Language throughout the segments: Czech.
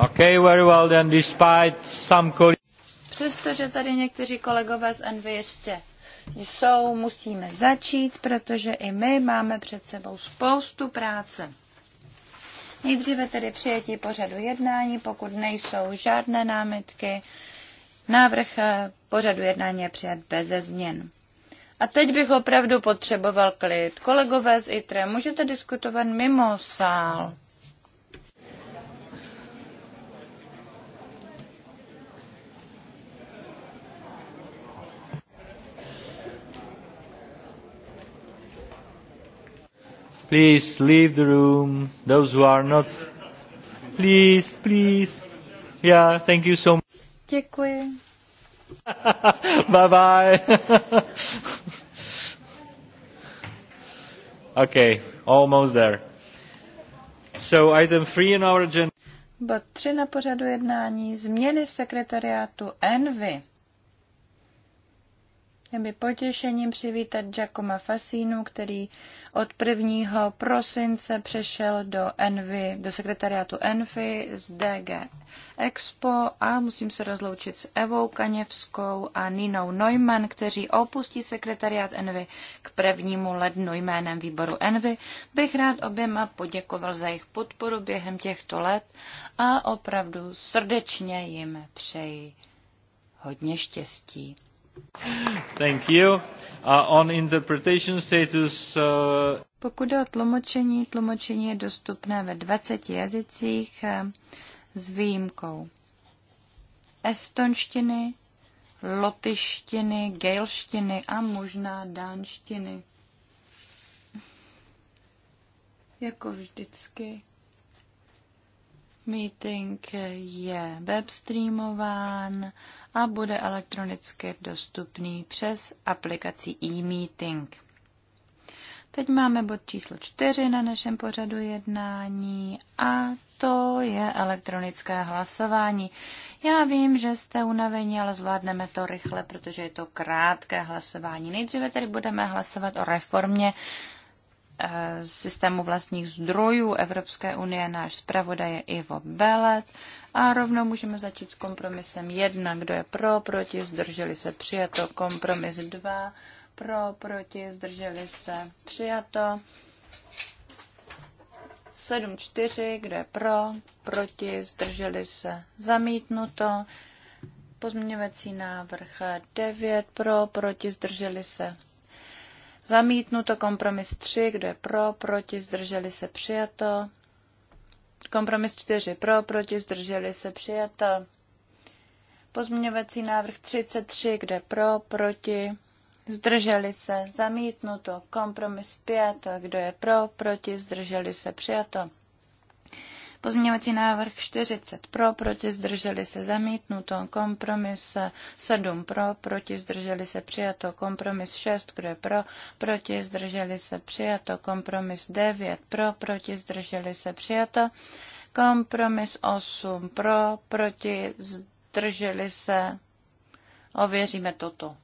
Okay, very well then, despite some Přestože tady někteří kolegové z NV ještě jsou, musíme začít, protože i my máme před sebou spoustu práce. Nejdříve tedy přijetí pořadu jednání, pokud nejsou žádné námitky. Návrh eh, pořadu jednání je přijat beze změn. A teď bych opravdu potřeboval klid. Kolegové z ITRE, můžete diskutovat mimo sál. Please leave the room. Those who are not. Please, please. Yeah, thank you so much. Děkuji. bye bye. okay, almost there. So item three in our agenda. Bod 3 na pořadu jednání změny sekretariátu Envy. Je vlastně mi potěšením přivítat Giacoma Fasínu, který od 1. prosince přešel do Envy, do sekretariátu Envy z DG Expo a musím se rozloučit s Evou Kaněvskou a Ninou Neumann, kteří opustí sekretariát Envy k prvnímu lednu jménem výboru Envy. Bych rád oběma poděkoval za jejich podporu během těchto let a opravdu srdečně jim přeji hodně štěstí. Thank you. Uh, on interpretation status, uh... Pokud jde o tlumočení, tlumočení je dostupné ve 20 jazycích eh, s výjimkou estonštiny, lotyštiny, gejlštiny a možná dánštiny. Jako vždycky. Meeting je webstreamován a bude elektronicky dostupný přes aplikaci e-meeting. Teď máme bod číslo 4 na našem pořadu jednání a to je elektronické hlasování. Já vím, že jste unavení, ale zvládneme to rychle, protože je to krátké hlasování. Nejdříve tedy budeme hlasovat o reformě Eh, systému vlastních zdrojů Evropské unie náš zpravodaj je Ivo Belet. A rovnou můžeme začít s kompromisem 1, kdo je pro, proti, zdrželi se, přijato. Kompromis 2, pro, proti, zdrželi se, přijato. 7, 4, kdo je pro, proti, zdrželi se, zamítnuto. Pozměňovací návrh 9, pro, proti, zdrželi se, Zamítnuto kompromis 3, kdo je pro, proti, zdrželi se přijato. Kompromis 4 pro, proti, zdrželi se přijato. Pozměňovací návrh 33, kde pro, proti, zdrželi se, zamítnuto. Kompromis 5, kdo je pro, proti, zdrželi se přijato. Pozměňovací návrh 40 pro, proti zdrželi se zamítnuto, kompromis 7 pro, proti zdrželi se přijato, kompromis 6, kdo je pro, proti zdrželi se přijato, kompromis 9 pro, proti zdrželi se přijato, kompromis 8 pro, proti zdrželi se, ověříme toto.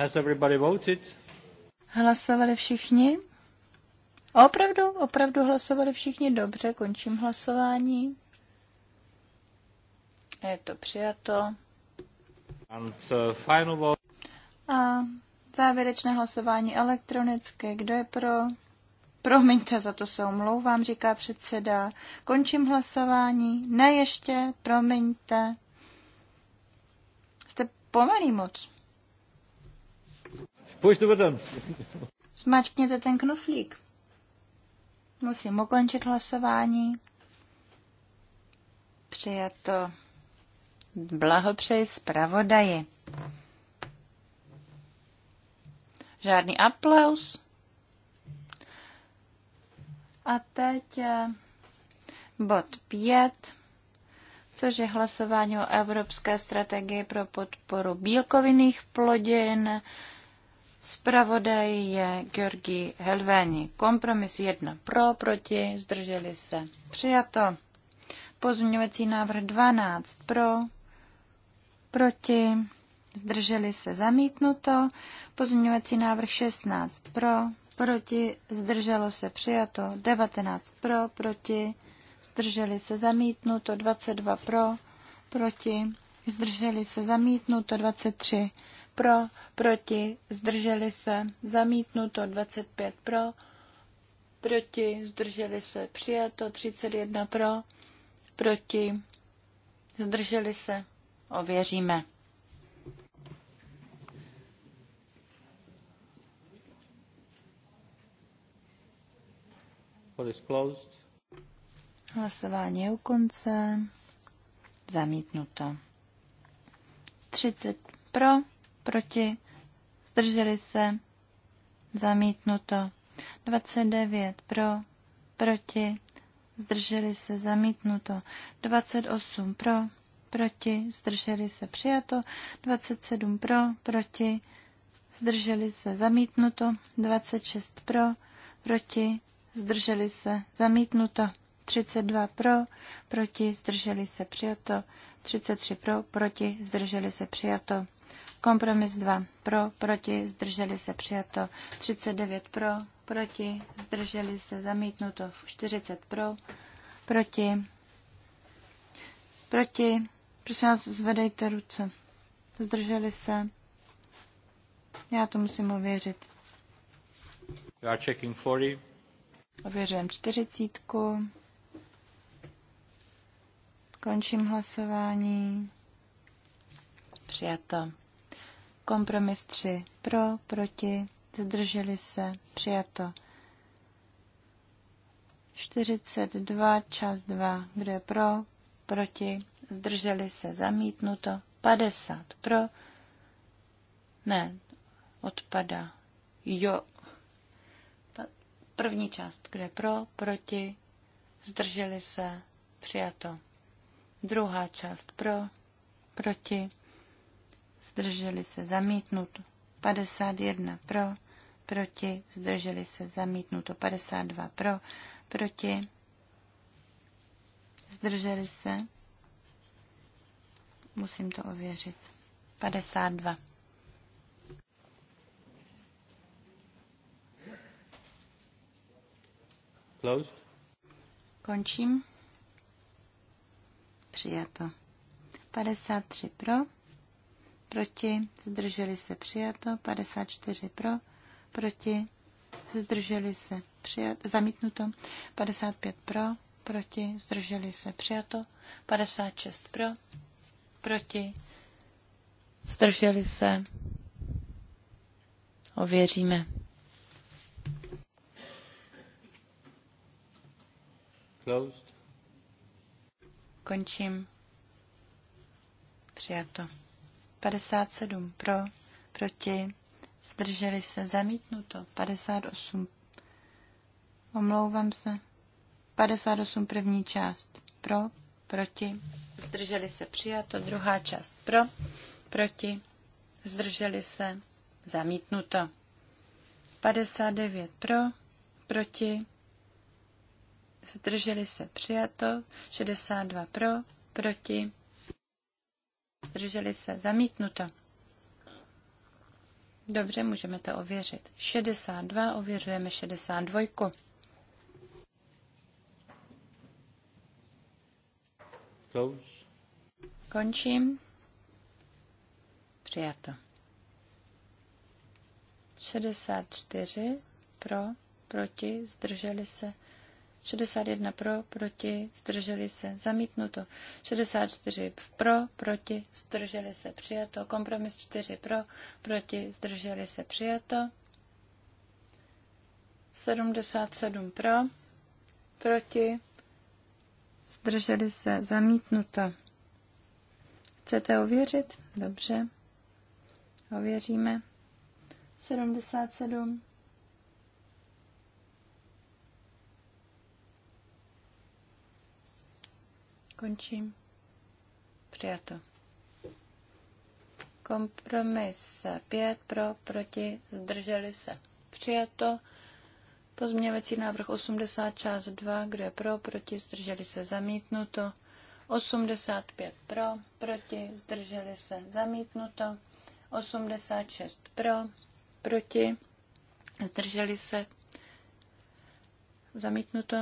Has everybody voted? Hlasovali všichni? Opravdu, opravdu hlasovali všichni dobře, končím hlasování. Je to přijato. And, uh, final vote. A závěrečné hlasování elektronické. Kdo je pro? Promiňte, za to se omlouvám, říká předseda. Končím hlasování. Ne ještě, promiňte. Jste pomalý moc. Push the button. Smačkněte ten knoflík. Musím ukončit hlasování. Přijato. Blahopřeji zpravodaji. Žádný aplaus. A teď eh, bod 5, což je hlasování o Evropské strategii pro podporu bílkovinných plodin. Spravodaj je Georgi Helvéni. Kompromis jedna. pro, proti, zdrželi se. Přijato. Pozměňovací návrh 12 pro, proti, zdrželi se. Zamítnuto. Pozměňovací návrh 16 pro, proti, zdrželo se. Přijato. 19 pro, proti, zdrželi se. Zamítnuto. 22 pro, proti, zdrželi se. Zamítnuto. 23 pro, proti, zdrželi se, zamítnuto 25 pro, proti, zdrželi se, přijato 31 pro, proti, zdrželi se, ověříme. Hlasování je u konce. Zamítnuto. 30 pro, proti, zdrželi se, zamítnuto. 29 pro, proti, zdrželi se, zamítnuto. 28 pro, proti, zdrželi se, přijato. 27 pro, proti, zdrželi se, zamítnuto. 26 pro, proti, zdrželi se, zamítnuto. 32 pro, proti, zdrželi se, přijato. 33 pro, proti, zdrželi se, přijato. Kompromis 2 pro, proti, zdrželi se přijato. 39 pro, proti, zdrželi se zamítnuto. 40 pro, proti, proti, prosím vás, zvedejte ruce. Zdrželi se. Já to musím ověřit. You are checking 40. Ověřujem čtyřicítku. Končím hlasování. Přijato. Kompromis 3. Pro, proti, zdrželi se, přijato. 42, čas 2. Kdo je pro, proti, zdrželi se, zamítnuto. 50 pro, ne, odpada. Jo. První část, kde pro, proti, zdrželi se, přijato. Druhá část pro, proti, zdrželi se zamítnuto. 51 pro, proti, zdrželi se zamítnuto. 52 pro, proti, zdrželi se. Musím to ověřit. 52. Close. Končím. Přijato. 53 pro proti, zdrželi se přijato, 54 pro, proti, zdrželi se přijato, zamítnuto, 55 pro, proti, zdrželi se přijato, 56 pro, proti, zdrželi se, ověříme. Closed. Končím. Přijato. 57 pro, proti, zdrželi se, zamítnuto. 58. Omlouvám se. 58 první část pro, proti, zdrželi se, přijato. Druhá část pro, proti, zdrželi se, zamítnuto. 59 pro, proti, zdrželi se, přijato. 62 pro, proti, Zdrželi se. Zamítnuto. Dobře, můžeme to ověřit. 62, ověřujeme 62. Close. Končím. Přijato. 64 pro, proti, zdrželi se, 61 pro, proti, zdrželi se, zamítnuto. 64 pro, proti, zdrželi se, přijato. Kompromis 4 pro, proti, zdrželi se, přijato. 77 pro, proti, zdrželi se, zamítnuto. Chcete ověřit? Dobře, ověříme. 77. Končím. Přijato. Kompromis 5 pro, proti, zdrželi se. Přijato. Pozměňovací návrh 80 část 2, kdo je pro, proti, zdrželi se, zamítnuto. 85 pro, proti, zdrželi se, zamítnuto. 86 pro, proti, zdrželi se, zamítnuto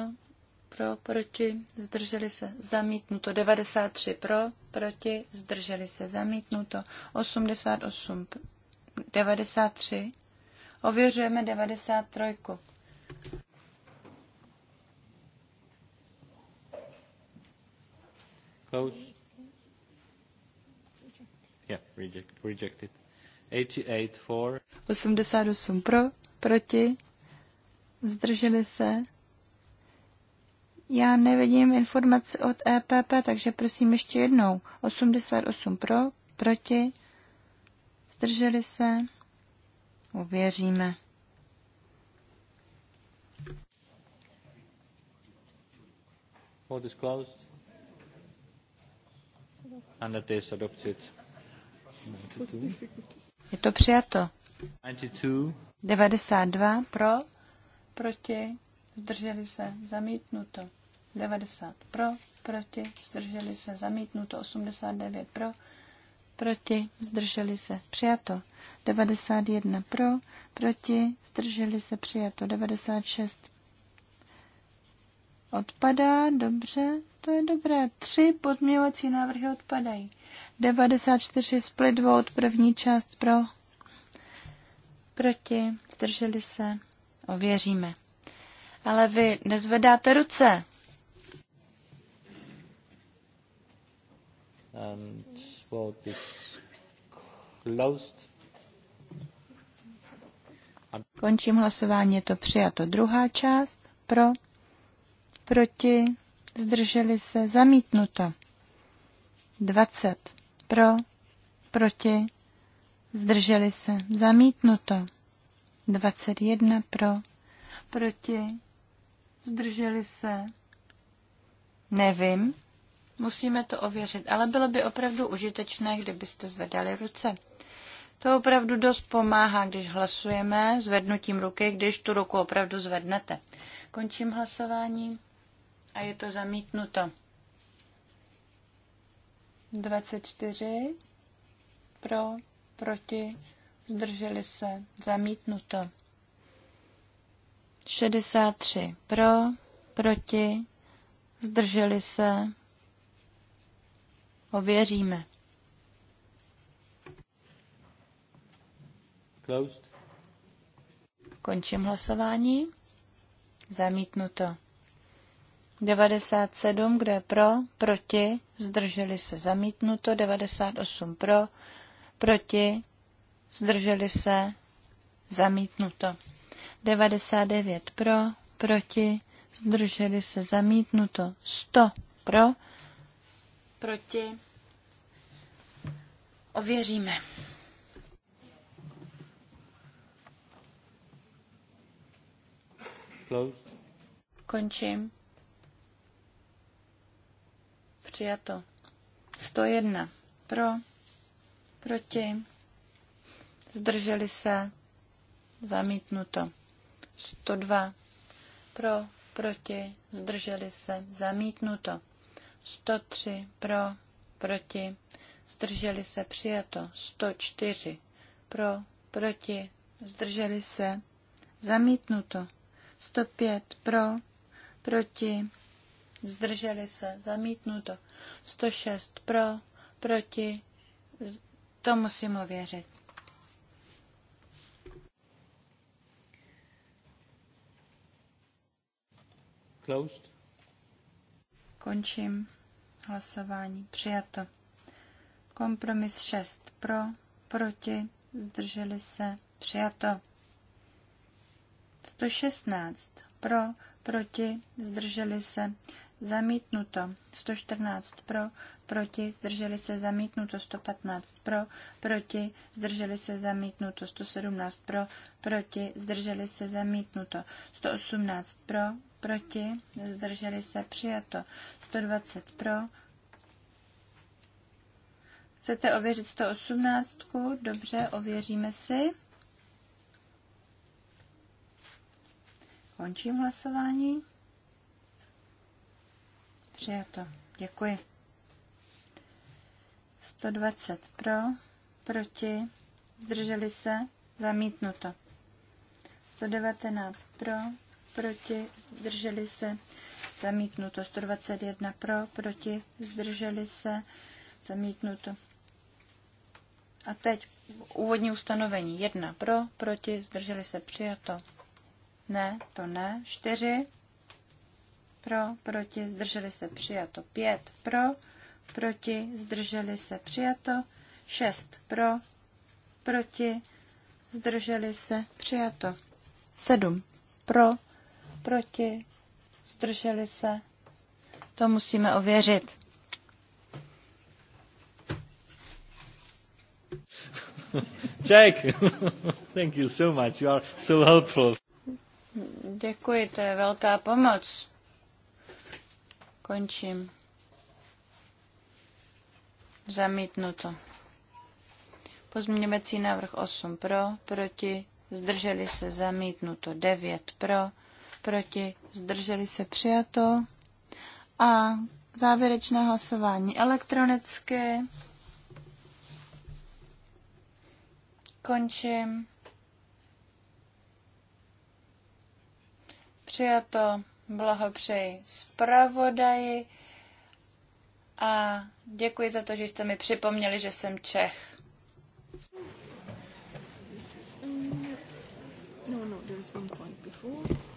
pro, proti, zdrželi se, zamítnuto. 93 pro, proti, zdrželi se, zamítnuto. 88, 93. Ověřujeme 93. Close. Yeah, reject, rejected. 88 for. 88 pro, proti, zdrželi se, já nevidím informace od EPP, takže prosím ještě jednou. 88 pro, proti, zdrželi se, uvěříme. Vote is closed. And that is adopted. Je to přijato. 92. 92 pro, proti, zdrželi se, zamítnuto. 90 pro, proti, zdrželi se, zamítnuto 89 pro, proti, zdrželi se, přijato 91 pro, proti, zdrželi se, přijato 96 odpadá, dobře, to je dobré. Tři podměvací návrhy odpadají. 94 split vote, první část pro, proti, zdrželi se, ověříme. Ale vy nezvedáte ruce. and vote is closed. Končím hlasování, je to přijato. Druhá část pro, proti, zdrželi se, zamítnuto. 20 pro, proti, zdrželi se, zamítnuto. 21 pro, proti, zdrželi se. Nevím. Musíme to ověřit, ale bylo by opravdu užitečné, kdybyste zvedali ruce. To opravdu dost pomáhá, když hlasujeme zvednutím ruky, když tu ruku opravdu zvednete. Končím hlasování a je to zamítnuto. 24 pro, proti, zdrželi se, zamítnuto. 63 pro, proti, zdrželi se, Ověříme. Closed. Končím hlasování. Zamítnuto. 97, kdo je pro, proti, zdrželi se zamítnuto, 98 pro, proti, zdrželi se zamítnuto, 99 pro, proti, zdrželi se zamítnuto, 100 pro, proti, ověříme. Closed. Končím. Přijato. 101 pro, proti, zdrželi se, zamítnuto. 102 pro, proti, zdrželi se, zamítnuto. 103 pro, proti, zdrželi se přijato 104 pro, proti, zdrželi se zamítnuto 105 pro, proti, zdrželi se zamítnuto 106 pro, proti, to musím ověřit. Closed. Končím hlasování. Přijato. Kompromis 6 pro, proti, zdrželi se. Přijato. 116 pro, proti, zdrželi se. Zamítnuto 114 pro, proti, zdrželi se zamítnuto 115 pro, proti, zdrželi se zamítnuto 117 pro, proti, zdrželi se zamítnuto 118 pro, proti, zdrželi se, přijato. 120 pro. Chcete ověřit 118? Dobře, ověříme si. Končím hlasování. Přijato. Děkuji. 120 pro, proti, zdrželi se, zamítnuto. 119 pro, proti, zdrželi se, zamítnuto. 121 pro, proti, zdrželi se, zamítnuto. A teď úvodní ustanovení. 1 pro, proti, zdrželi se, přijato. Ne, to ne. 4 pro, proti, zdrželi se, přijato. 5 pro, proti, zdrželi se, přijato. 6 pro, proti, zdrželi se, přijato. 7 pro, proti, zdrželi se. To musíme ověřit. Jack, thank you so much. You are so helpful. Děkuji, to je velká pomoc. Končím. Zamítnuto. Pozměňovací návrh 8 pro, proti, zdrželi se zamítnuto 9 pro, proti, zdrželi se přijato. A závěrečné hlasování elektronicky. Končím. Přijato. Blahopřeji zpravodaji a děkuji za to, že jste mi připomněli, že jsem Čech. Um, no, no, there's one point before.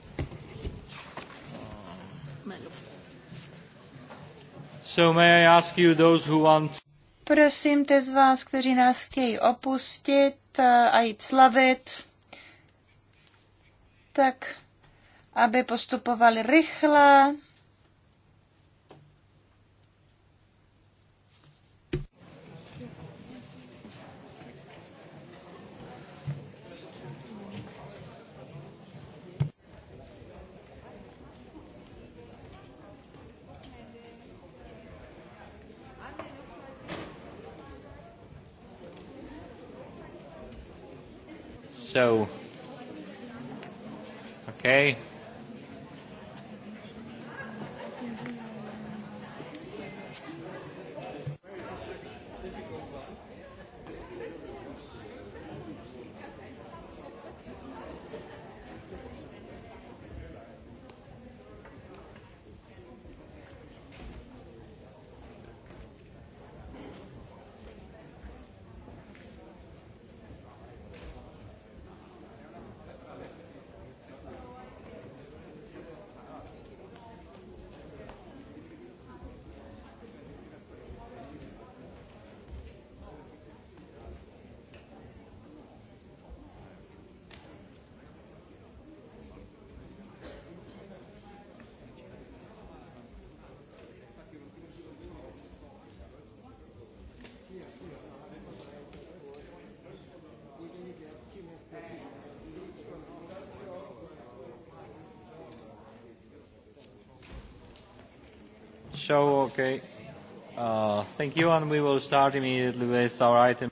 So may I ask you those who want... Prosím ty z vás, kteří nás chtějí opustit eh, a jít slavit, tak aby postupovali rychle, So, okay. okay.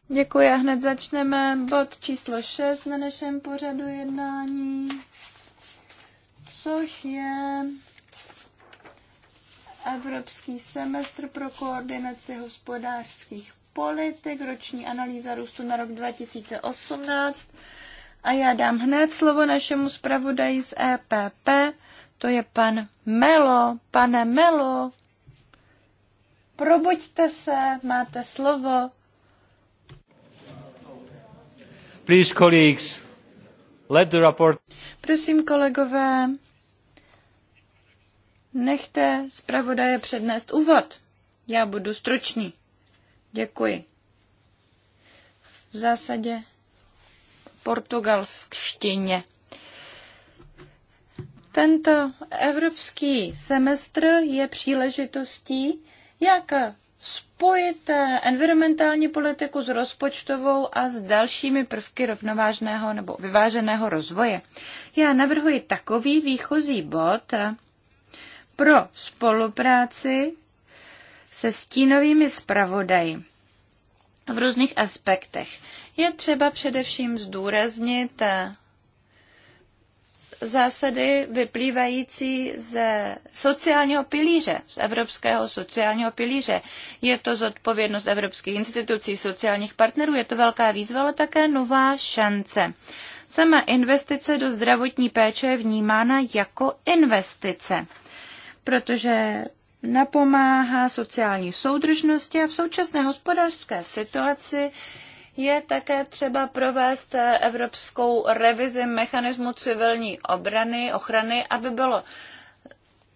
Děkuji a hned začneme bod číslo 6 na našem pořadu jednání, což je Evropský semestr pro koordinaci hospodářských politik, roční analýza růstu na rok 2018. A já dám hned slovo našemu zpravodaji z EPP, to je pan Melo. Pane Melo, Probuďte se, máte slovo. Please, colleagues, let the report... Prosím, kolegové, nechte zpravodaje přednést úvod. Já budu stručný. Děkuji. V zásadě portugalskštině. Tento evropský semestr je příležitostí, jak spojit environmentální politiku s rozpočtovou a s dalšími prvky rovnovážného nebo vyváženého rozvoje. Já navrhuji takový výchozí bod pro spolupráci se stínovými zpravodaji v různých aspektech. Je třeba především zdůraznit zásady vyplývající ze sociálního pilíře, z evropského sociálního pilíře. Je to zodpovědnost evropských institucí, sociálních partnerů, je to velká výzva, ale také nová šance. Sama investice do zdravotní péče je vnímána jako investice, protože napomáhá sociální soudržnosti a v současné hospodářské situaci je také třeba provést evropskou revizi mechanismu civilní obrany, ochrany, aby bylo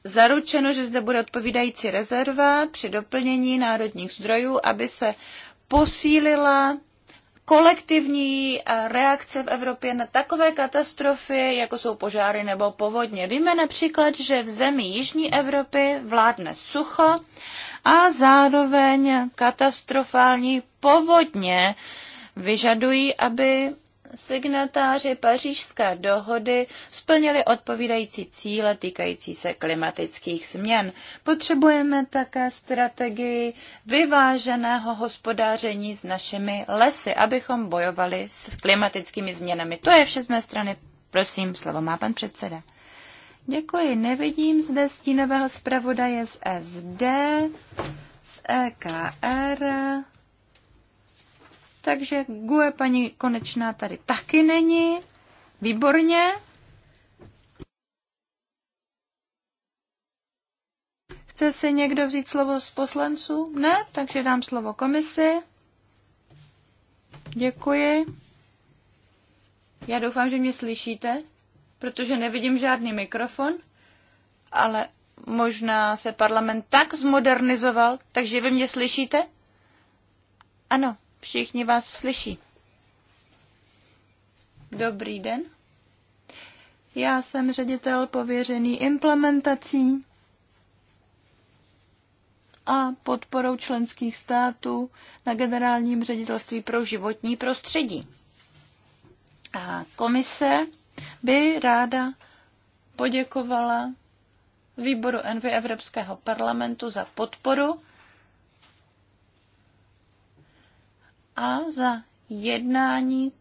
zaručeno, že zde bude odpovídající rezerva při doplnění národních zdrojů, aby se posílila kolektivní reakce v Evropě na takové katastrofy, jako jsou požáry nebo povodně. Víme například, že v zemi Jižní Evropy vládne sucho a zároveň katastrofální povodně, vyžadují, aby signatáři pařížské dohody splnili odpovídající cíle týkající se klimatických změn. Potřebujeme také strategii vyváženého hospodáření s našimi lesy, abychom bojovali s klimatickými změnami. To je vše z mé strany. Prosím, slovo má pan předseda. Děkuji. Nevidím zde stínového zpravodaje z SD, z EKR takže GUE paní Konečná tady taky není. Výborně. Chce si někdo vzít slovo z poslanců? Ne, takže dám slovo komisi. Děkuji. Já doufám, že mě slyšíte, protože nevidím žádný mikrofon, ale možná se parlament tak zmodernizoval, takže vy mě slyšíte? Ano, Všichni vás slyší. Dobrý den. Já jsem ředitel pověřený implementací a podporou členských států na generálním ředitelství pro životní prostředí. A komise by ráda poděkovala výboru NV Evropského parlamentu za podporu a za jednání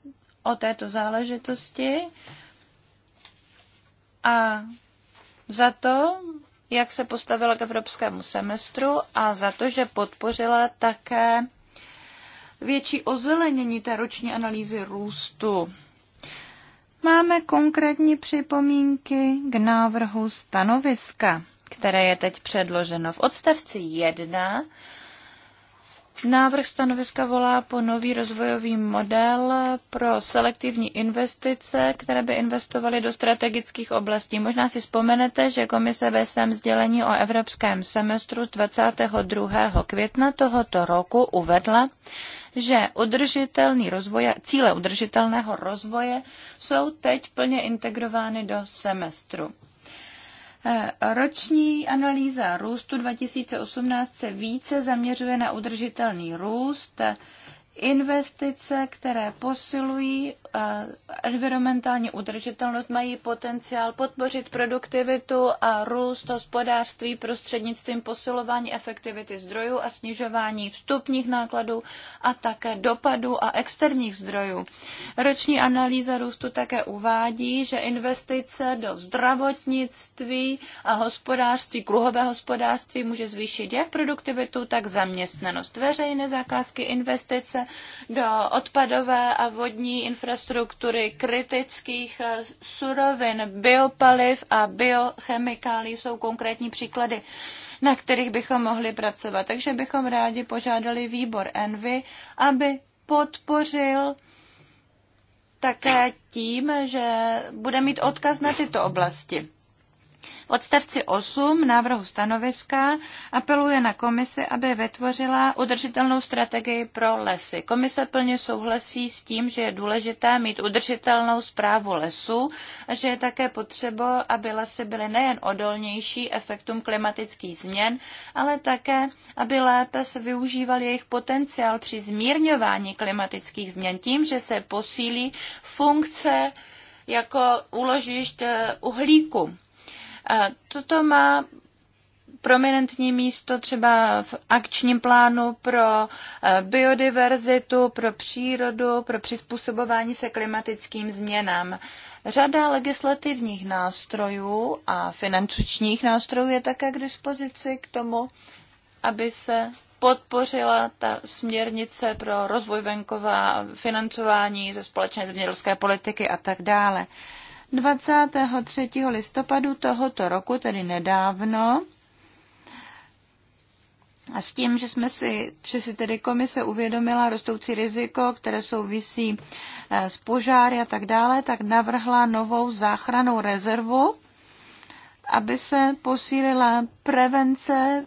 o této záležitosti a za to, jak se postavila k evropskému semestru a za to, že podpořila také větší ozelenění té roční analýzy růstu. Máme konkrétní připomínky k návrhu stanoviska, které je teď předloženo v odstavci 1. Návrh stanoviska volá po nový rozvojový model pro selektivní investice, které by investovaly do strategických oblastí. Možná si vzpomenete, že komise ve svém sdělení o evropském semestru 22. května tohoto roku uvedla, že udržitelný rozvoj, cíle udržitelného rozvoje jsou teď plně integrovány do semestru. Eh, roční analýza růstu 2018 se více zaměřuje na udržitelný růst, eh, investice, které posilují Eh, environmentální udržitelnost mají potenciál podpořit produktivitu a růst hospodářství prostřednictvím posilování efektivity zdrojů a snižování vstupních nákladů a také dopadů a externích zdrojů. Roční analýza růstu také uvádí, že investice do zdravotnictví a hospodářství, kruhové hospodářství může zvýšit jak produktivitu, tak zaměstnanost. Veřejné zakázky, investice do odpadové a vodní infrastruktury infrastruktury kritických eh, surovin, biopaliv a biochemikálí jsou konkrétní příklady, na kterých bychom mohli pracovat. Takže bychom rádi požádali výbor Envy, aby podpořil také tím, že bude mít odkaz na tyto oblasti odstavci 8 návrhu stanoviska apeluje na komisi, aby vytvořila udržitelnou strategii pro lesy. Komise plně souhlasí s tím, že je důležité mít udržitelnou zprávu lesů a že je také potřeba, aby lesy byly nejen odolnější efektům klimatických změn, ale také, aby lépe se využíval jejich potenciál při zmírňování klimatických změn tím, že se posílí funkce jako úložišť uhlíku. Toto má prominentní místo třeba v akčním plánu pro e, biodiverzitu, pro přírodu, pro přizpůsobování se klimatickým změnám. Řada legislativních nástrojů a finančních nástrojů je také k dispozici k tomu, aby se podpořila ta směrnice pro rozvoj venkova, financování ze společné zemědělské politiky a tak dále. 23. listopadu tohoto roku, tedy nedávno, a s tím, že jsme si, že si tedy komise uvědomila rostoucí riziko, které souvisí eh, s požáry a tak dále, tak navrhla novou záchranou rezervu, aby se posílila prevence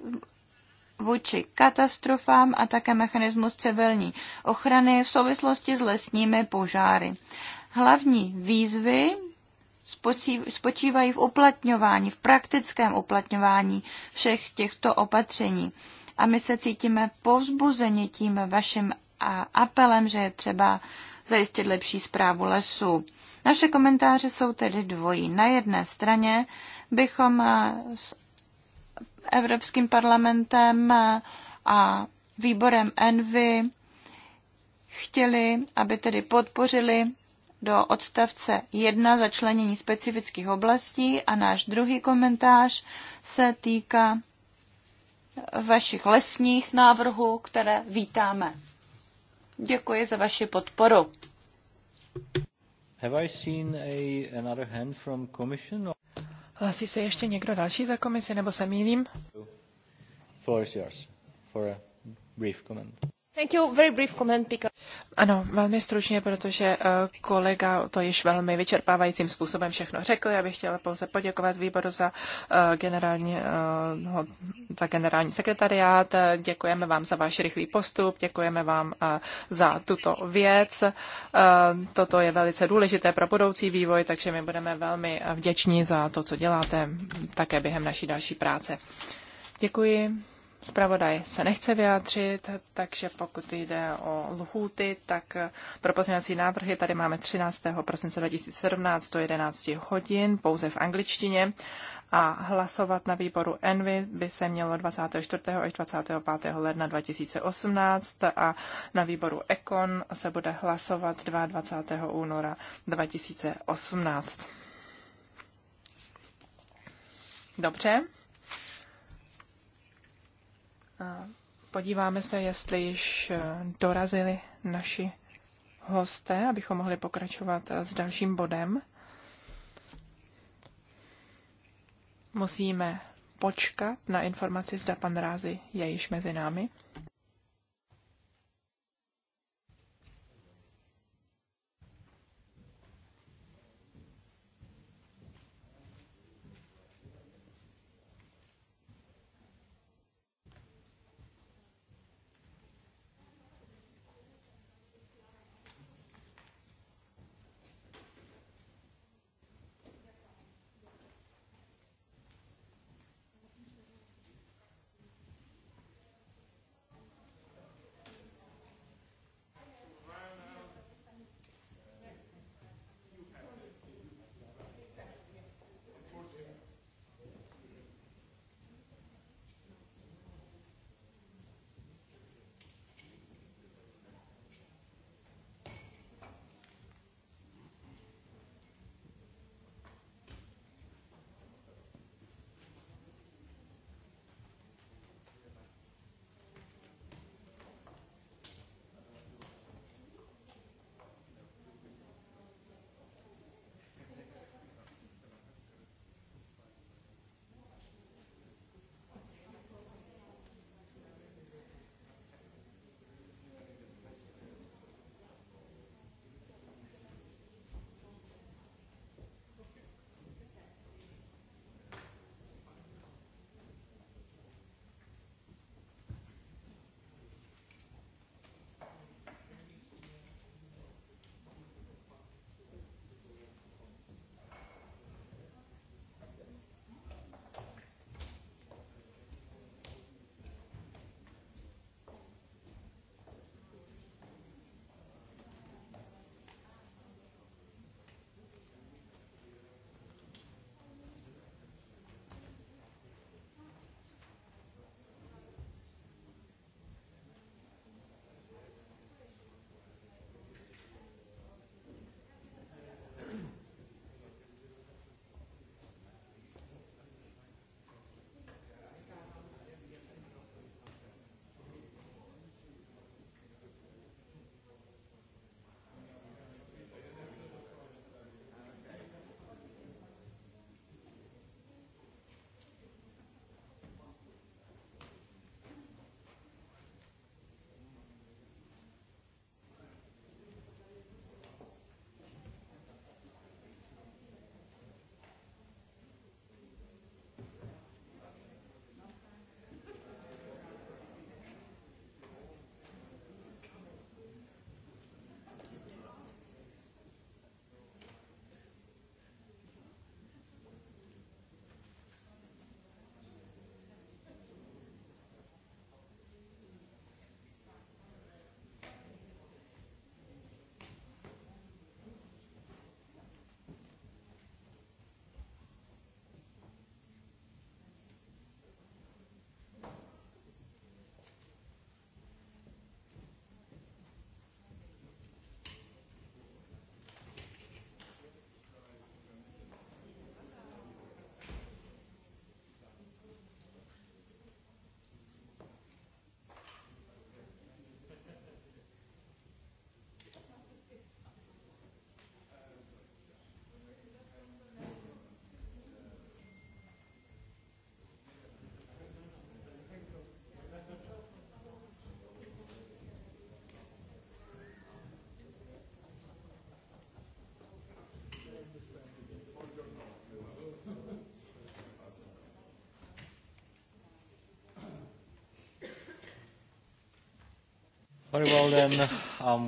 vůči katastrofám a také mechanismus civilní ochrany v souvislosti s lesními požáry. Hlavní výzvy spočívají v uplatňování, v praktickém uplatňování všech těchto opatření. A my se cítíme povzbuzeni tím vaším apelem, že je třeba zajistit lepší zprávu lesů. Naše komentáře jsou tedy dvojí. Na jedné straně bychom eh, s Evropským parlamentem eh, a výborem Envy chtěli, aby tedy podpořili do odstavce 1 začlenění specifických oblastí a náš druhý komentář se týká vašich lesních návrhů, které vítáme. Děkuji za vaši podporu. Have I seen a, another hand from commission? Or... Hlasí se ještě někdo další za komisi, nebo se mýlím? Floor is yours for a brief comment. Ano, velmi stručně, protože eh, kolega to již velmi vyčerpávajícím způsobem všechno řekl. Já bych chtěla pouze poděkovat výboru za eh, generální, eh, za generální sekretariát. Děkujeme vám za váš rychlý postup, děkujeme vám za tuto věc. Toto je velice důležité pro budoucí vývoj, takže my budeme velmi vděční za to, co děláte také během naší další práce. Děkuji. Zpravodaj se nechce vyjádřit, takže pokud jde o lhůty, tak pro pozměňovací návrhy tady máme 13. prosince 2017 do 11 hodin, pouze v angličtině a hlasovat na výboru Envy by se mělo 24. až 25. ledna 2018 a na výboru Econ se bude hlasovat 22. února 2018. Dobře. Podíváme se, jestli již eh, dorazili naši hosté, abychom mohli pokračovat eh, s dalším bodem. Musíme počkat na informaci, zda pan Rázy je již mezi námi. Um, uh,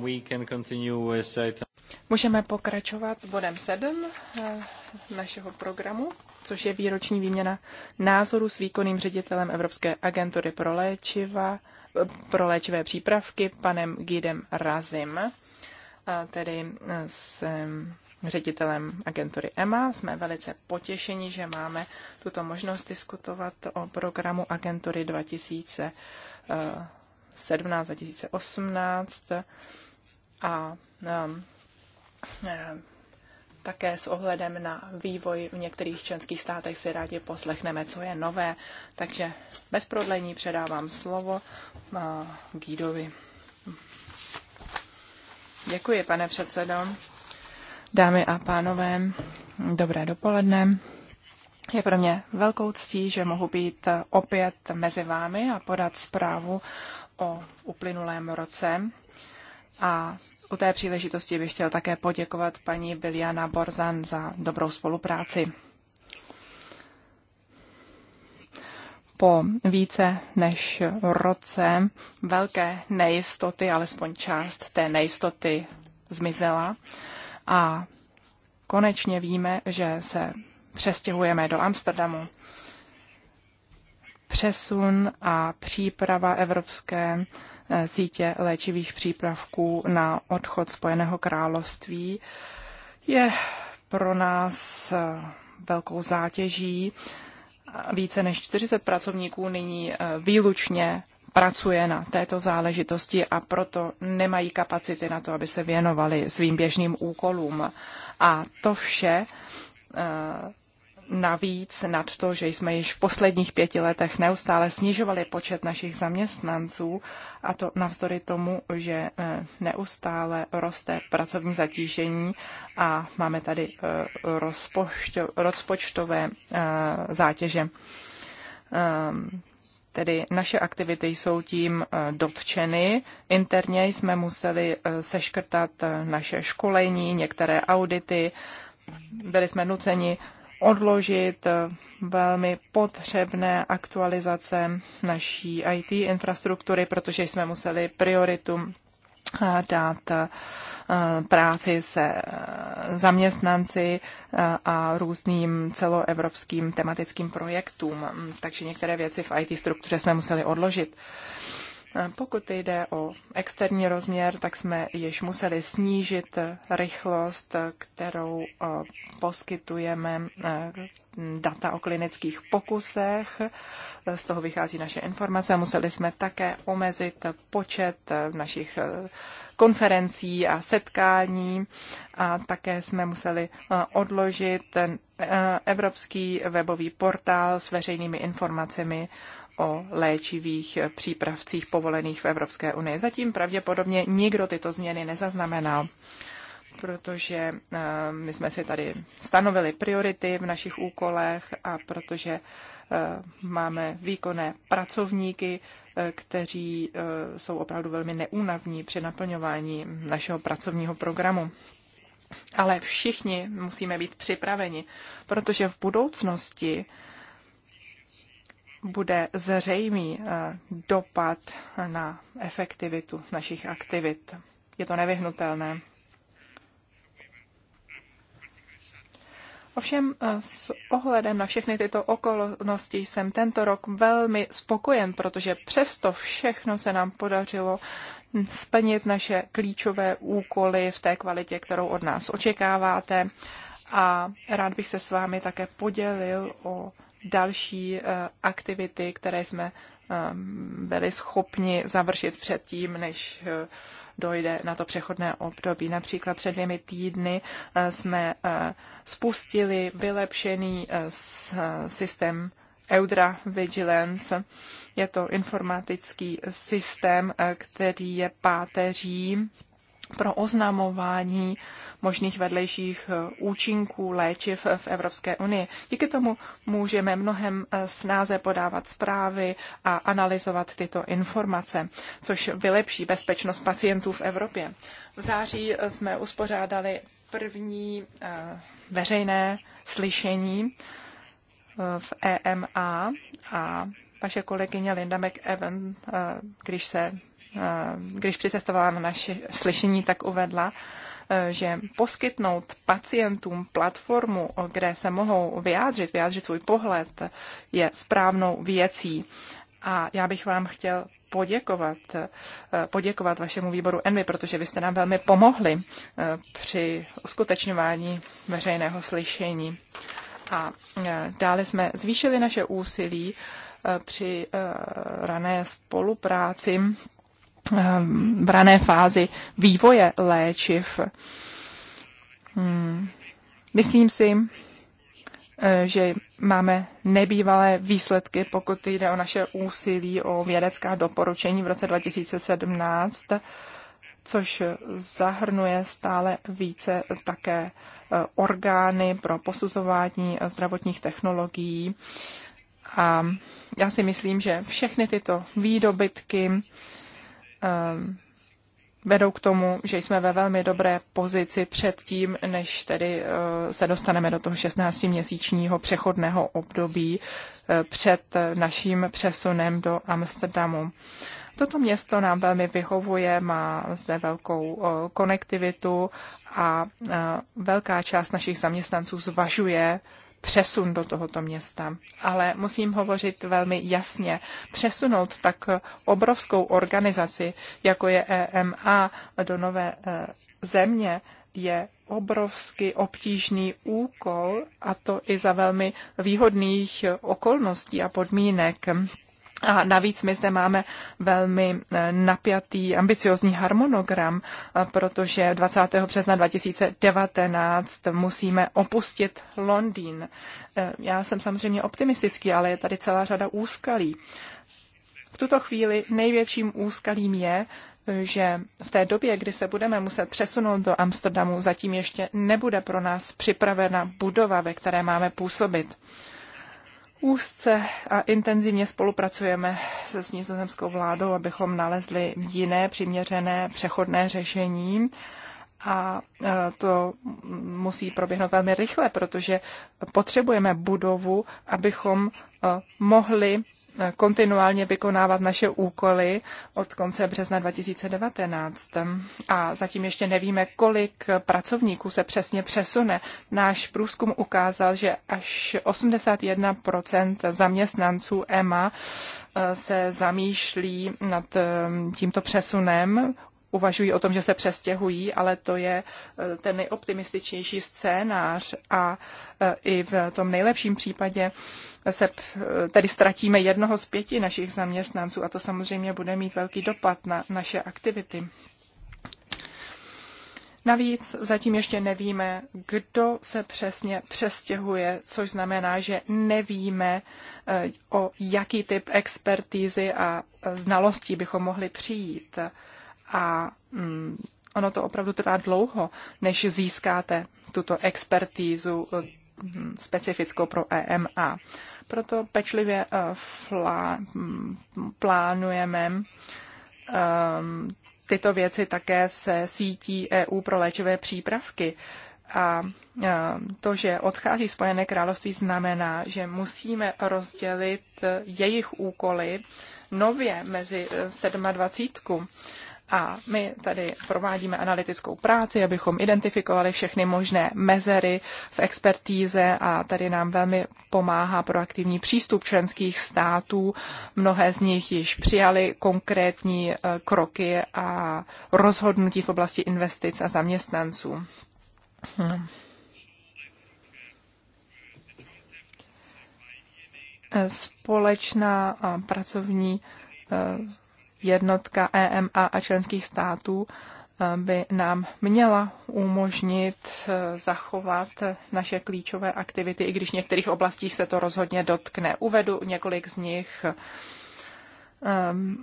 Můžeme pokračovat bodem 7 eh, našeho programu, což je výroční výměna názoru s výkonným ředitelem Evropské agentury pro léčiva, eh, pro léčivé přípravky, panem Gidem Razim, tedy eh, s ředitelem agentury EMA. Jsme velice potěšeni, že máme tuto možnost diskutovat o programu agentury 2000 2017, 2018 a um, um, také s ohledem na vývoj v některých členských státech si rádi poslechneme, co je nové. Takže bez prodlení předávám slovo uh, Gídovi. Děkuji, pane předsedo. Dámy a pánové, dobré dopoledne. Je pro mě velkou ctí, že mohu být opět mezi vámi a podat zprávu o uplynulém roce a u té příležitosti bych chtěl také poděkovat paní Biliana Borzan za dobrou spolupráci. Po více než roce velké nejistoty, alespoň část té nejistoty zmizela a konečně víme, že se přestěhujeme do Amsterdamu přesun a příprava evropské eh, sítě léčivých přípravků na odchod Spojeného království je pro nás eh, velkou zátěží. Více než 40 pracovníků nyní eh, výlučně pracuje na této záležitosti a proto nemají kapacity na to, aby se věnovali svým běžným úkolům. A to vše Navíc nad to, že jsme již v posledních pěti letech neustále snižovali počet našich zaměstnanců, a to navzdory tomu, že eh, neustále roste pracovní zatížení a máme tady eh, rozpočtové eh, zátěže. Ehm, tedy naše aktivity jsou tím dotčeny. Interně jsme museli seškrtat naše školení, některé audity, byli jsme nuceni odložit eh, velmi potřebné aktualizace naší IT infrastruktury, protože jsme museli prioritu eh, dát eh, práci se zaměstnanci a různým celoevropským tematickým projektům. Mm, takže některé věci v IT struktuře jsme museli odložit. Pokud jde o externí rozměr, tak jsme již museli snížit rychlost, kterou eh, poskytujeme eh, data o klinických pokusech. Z toho vychází naše informace. Museli jsme také omezit počet eh, našich konferencí a setkání a také jsme museli odložit evropský webový portál s veřejnými informacemi o léčivých přípravcích povolených v Evropské unii. Zatím pravděpodobně nikdo tyto změny nezaznamenal protože eh, my jsme si tady stanovili priority v našich úkolech a protože eh, máme výkonné pracovníky, eh, kteří jsou opravdu velmi neúnavní při naplňování našeho pracovního programu. Ale všichni musíme být připraveni, protože v budoucnosti bude zřejmý eh, dopad na efektivitu našich aktivit. Je to nevyhnutelné. Ovšem eh, s ohledem na všechny tyto okolnosti jsem tento rok velmi spokojen, protože přesto všechno se nám podařilo splnit naše klíčové úkoly v té kvalitě, kterou od nás očekáváte. A rád bych se s vámi také podělil o další eh, aktivity, které jsme eh, byli schopni završit předtím, než eh, dojde na to přechodné období. Například před dvěmi týdny jsme spustili vylepšený systém Eudra Vigilance. Je to informatický systém, který je páteří pro oznamování možných vedlejších eh, účinků léčiv v Evropské unii. Díky tomu můžeme mnohem eh, snáze podávat zprávy a analyzovat tyto informace, což vylepší bezpečnost pacientů v Evropě. V září eh, jsme uspořádali první veřejné slyšení v EMA a vaše kolegyně Linda McEwen, když se Eh, když přicestovala na naše slyšení, tak uvedla, eh, že poskytnout pacientům platformu, kde se mohou vyjádřit, vyjádřit svůj pohled, je správnou věcí. A já bych vám chtěl poděkovat, eh, poděkovat vašemu výboru Envy, protože vy jste nám velmi pomohli při uskutečňování veřejného slyšení. A dále jsme zvýšili naše úsilí při rané spolupráci Eh, v rané fázi vývoje léčiv. Hmm. Myslím si, eh, že máme nebývalé výsledky, pokud jde o naše úsilí o vědecká doporučení v roce 2017, což zahrnuje stále více také eh, orgány pro posuzování zdravotních technologií. A já si myslím, že všechny tyto výdobytky Ehm, vedou k tomu, že jsme ve velmi dobré pozici před tím, než tedy eh, se dostaneme do toho 16-měsíčního přechodného období eh, před naším přesunem do Amsterdamu. Toto město nám velmi vyhovuje, má zde velkou eh, konektivitu a velká část našich zaměstnanců zvažuje přesun do tohoto města. Ale musím hovořit velmi jasně. Přesunout tak obrovskou organizaci, jako je EMA, do nové e, země je obrovsky obtížný úkol, a to i za velmi výhodných okolností a podmínek. A navíc my zde máme velmi eh, napjatý, ambiciozní harmonogram, eh, protože 20. března 2019 musíme opustit Londýn. Eh, já jsem samozřejmě optimistický, ale je tady celá řada úskalí. V tuto chvíli největším úskalím je, že v té době, kdy se budeme muset přesunout do Amsterdamu, zatím ještě nebude pro nás připravena budova, ve které máme působit. Úzce a intenzivně spolupracujeme se s nizozemskou vládou, abychom nalezli jiné přiměřené přechodné řešení. A e, to musí proběhnout velmi rychle, protože potřebujeme budovu, abychom e, mohli kontinuálně vykonávat naše úkoly od konce března 2019. A zatím ještě nevíme, kolik pracovníků se přesně přesune. Náš průzkum ukázal, že až 81% zaměstnanců EMA eh, se zamýšlí nad eh, tímto přesunem uvažují o tom, že se přestěhují, ale to je e, ten nejoptimističnější scénář a e, i v tom nejlepším případě se e, tedy ztratíme jednoho z pěti našich zaměstnanců a to samozřejmě bude mít velký dopad na naše aktivity. Navíc zatím ještě nevíme, kdo se přesně přestěhuje, což znamená, že nevíme, o jaký typ expertízy a znalostí bychom mohli přijít a mm, ono to opravdu trvá dlouho, než získáte tuto expertízu eh, mm, specifickou pro EMA. Proto pečlivě eh, flá, mm, plánujeme um, tyto věci také se sítí EU pro léčivé přípravky. A ehm, to, že odchází Spojené království, znamená, že musíme rozdělit eh, jejich úkoly nově mezi 27. A my tady provádíme analytickou práci, abychom identifikovali všechny možné mezery v expertíze a tady nám velmi pomáhá proaktivní přístup členských států. Mnohé z nich již přijali konkrétní e, kroky a rozhodnutí v oblasti investic a zaměstnanců. Hmm. Společná pracovní e, jednotka EMA a členských států eh, by nám měla umožnit eh, zachovat naše klíčové aktivity, i když v některých oblastích se to rozhodně dotkne. Uvedu několik z nich Ehm,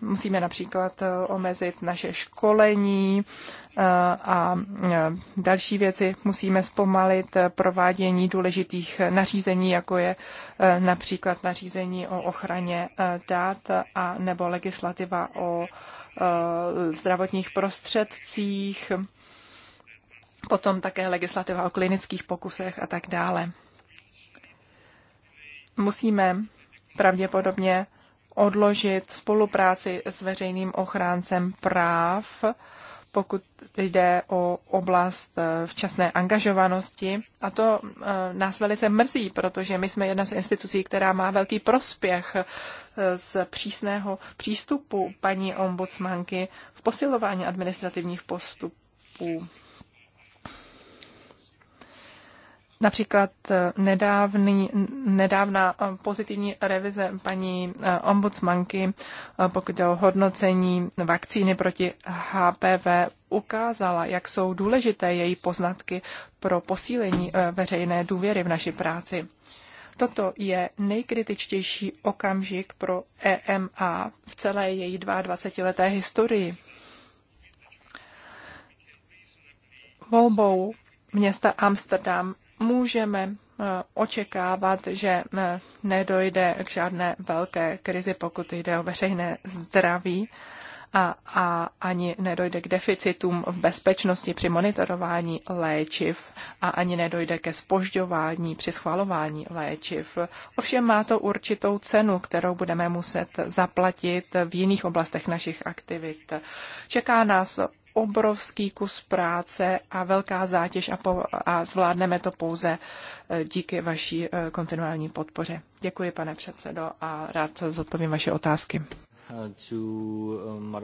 musíme například eh, omezit naše školení eh, a eh, další věci. Musíme zpomalit provádění důležitých nařízení, jako je například nařízení o ochraně dát a nebo legislativa o zdravotních prostředcích, potom také legislativa o klinických pokusech a tak dále. Musíme pravděpodobně odložit spolupráci s veřejným ochráncem práv, pokud jde o oblast eh, včasné angažovanosti. A to eh, nás velice mrzí, protože my jsme jedna z institucí, která má velký prospěch eh, z přísného přístupu paní ombudsmanky v posilování administrativních postupů. Například eh, nedávný, nedávná eh, pozitivní revize paní eh, ombudsmanky, pokud jde o hodnocení vakcíny proti HPV, ukázala, jak jsou důležité její poznatky pro posílení veřejné důvěry v naší práci. Toto je nejkritičtější okamžik pro EMA v celé její 22-leté historii. Volbou města Amsterdam můžeme eh, očekávat, že eh, nedojde k žádné velké krizi, pokud jde o veřejné zdraví a, a ani nedojde k deficitům v bezpečnosti při monitorování léčiv a ani nedojde ke spožďování při schvalování léčiv. Ovšem má to určitou cenu, kterou budeme muset zaplatit v jiných oblastech našich aktivit. Čeká nás obrovský kus práce a velká zátěž a, po, a zvládneme to pouze e, díky vaší e, kontinuální podpoře. Děkuji, pane předsedo, a rád zodpovím vaše otázky. Um,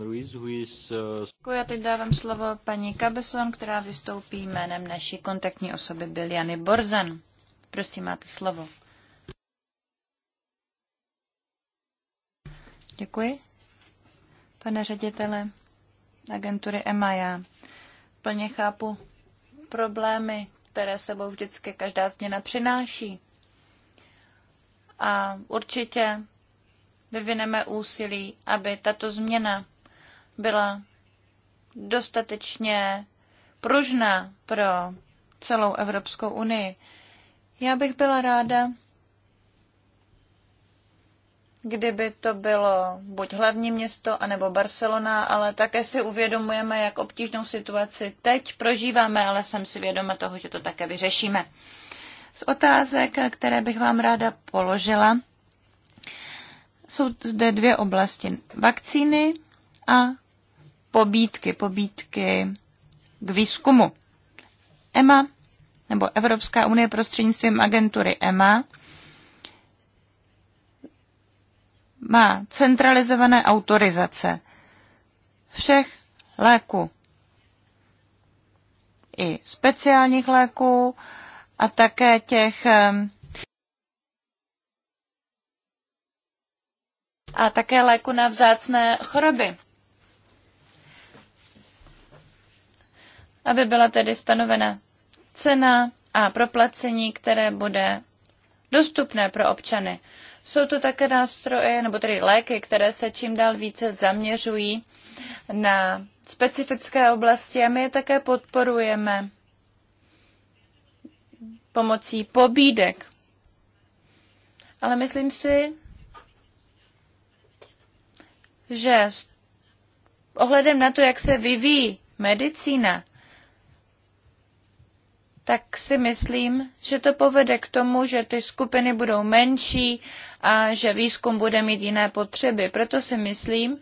Ruiz, is... Uh, Děkuji Já teď dávám slovo paní Cabezon, která vystoupí jménem naší kontaktní osoby Biljany Borzan. Prosím, máte slovo. Děkuji. Pane ředitele, agentury EMA. Já plně chápu problémy, které sebou vždycky každá změna přináší. A určitě vyvineme úsilí, aby tato změna byla dostatečně pružná pro celou Evropskou unii. Já bych byla ráda, kdyby to bylo buď hlavní město, anebo Barcelona, ale také si uvědomujeme, jak obtížnou situaci teď prožíváme, ale jsem si vědoma toho, že to také vyřešíme. Z otázek, které bych vám ráda položila, jsou zde dvě oblasti. Vakcíny a pobídky, pobídky k výzkumu. EMA nebo Evropská unie prostřednictvím agentury EMA má centralizované autorizace všech léků. I speciálních léků a také těch a také léku na vzácné choroby. Aby byla tedy stanovena cena a proplacení, které bude dostupné pro občany. Jsou to také nástroje, nebo tedy léky, které se čím dál více zaměřují na specifické oblasti a my je také podporujeme pomocí pobídek. Ale myslím si, že ohledem na to, jak se vyvíjí medicína, tak si myslím, že to povede k tomu, že ty skupiny budou menší a že výzkum bude mít jiné potřeby. Proto si myslím,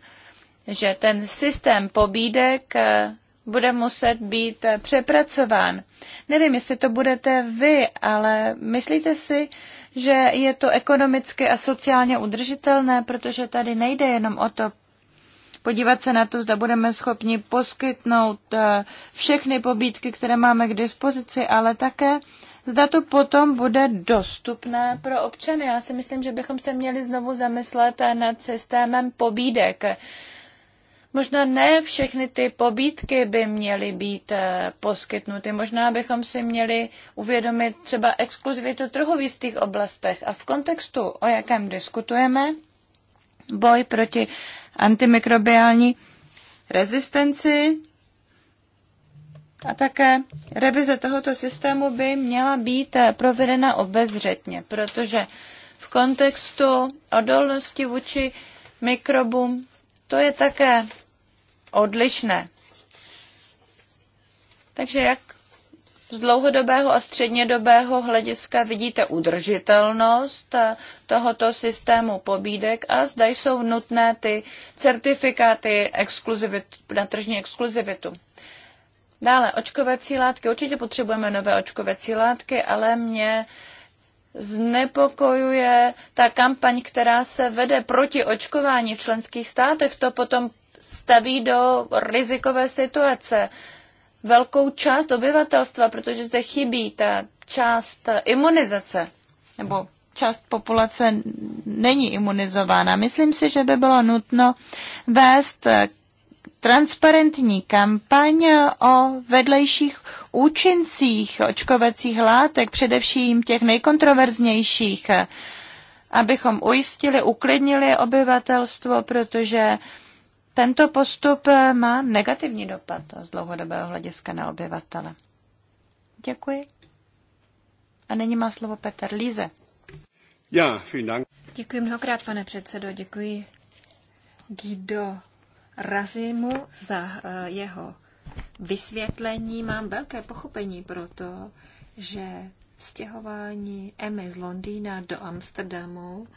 že ten systém pobídek eh, bude muset být eh, přepracován. Nevím, jestli to budete vy, ale myslíte si, že je to ekonomicky a sociálně udržitelné, protože tady nejde jenom o to podívat se na to, zda budeme schopni poskytnout eh, všechny pobídky, které máme k dispozici, ale také zda to potom bude dostupné pro občany. Já si myslím, že bychom se měli znovu zamyslet eh, nad systémem pobídek. Možná ne všechny ty pobídky by měly být eh, poskytnuty. Možná bychom si měli uvědomit třeba exkluzivitu trhu v jistých oblastech. A v kontextu, o jakém diskutujeme, boj proti antimikrobiální rezistenci a také revize tohoto systému by měla být provedena obezřetně, protože v kontextu odolnosti vůči mikrobům to je také odlišné. Takže jak z dlouhodobého a střednědobého hlediska vidíte udržitelnost eh, tohoto systému pobídek a zda jsou nutné ty certifikáty na tržní exkluzivitu. Dále, očkovací látky. Určitě potřebujeme nové očkovací látky, ale mě znepokojuje ta kampaň, která se vede proti očkování v členských státech. To potom staví do rizikové situace velkou část obyvatelstva, protože zde chybí ta část imunizace nebo část populace není imunizována. Myslím si, že by bylo nutno vést transparentní kampaň o vedlejších účincích očkovacích látek, především těch nejkontroverznějších, abychom ujistili, uklidnili obyvatelstvo, protože tento postup eh, má negativní dopad z dlouhodobého hlediska na obyvatele. Děkuji. A nyní má slovo Petr Líze. Já, Dank. Děkuji mnohokrát, pane předsedo. Děkuji Guido Razimu za eh, jeho vysvětlení. Mám velké pochopení pro to, že stěhování Emmy z Londýna do Amsterdamu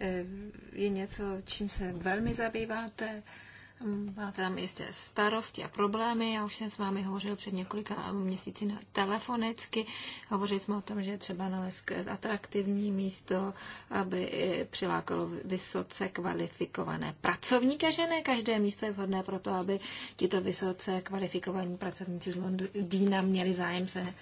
Eh, je něco, čím se velmi zabýváte. Máte tam jistě starosti a problémy. Já už jsem s vámi hovořil před několika měsíci na telefonicky. Hovořili jsme o tom, že je třeba nalézt atraktivní místo, aby eh, přilákalo vysoce kvalifikované pracovníky. Že ne každé místo je vhodné pro to, aby tito vysoce kvalifikovaní pracovníci z Londýna měli zájem se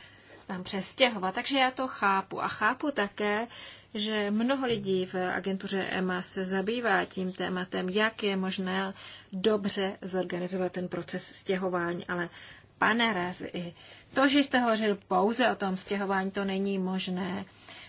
tam přestěhovat. Takže já to chápu. A chápu také, že mnoho lidí v agentuře EMA se zabývá tím tématem, jak je možné dobře zorganizovat ten proces stěhování, ale pane Razi, to, že jste hovořil pouze o tom stěhování, to není možné.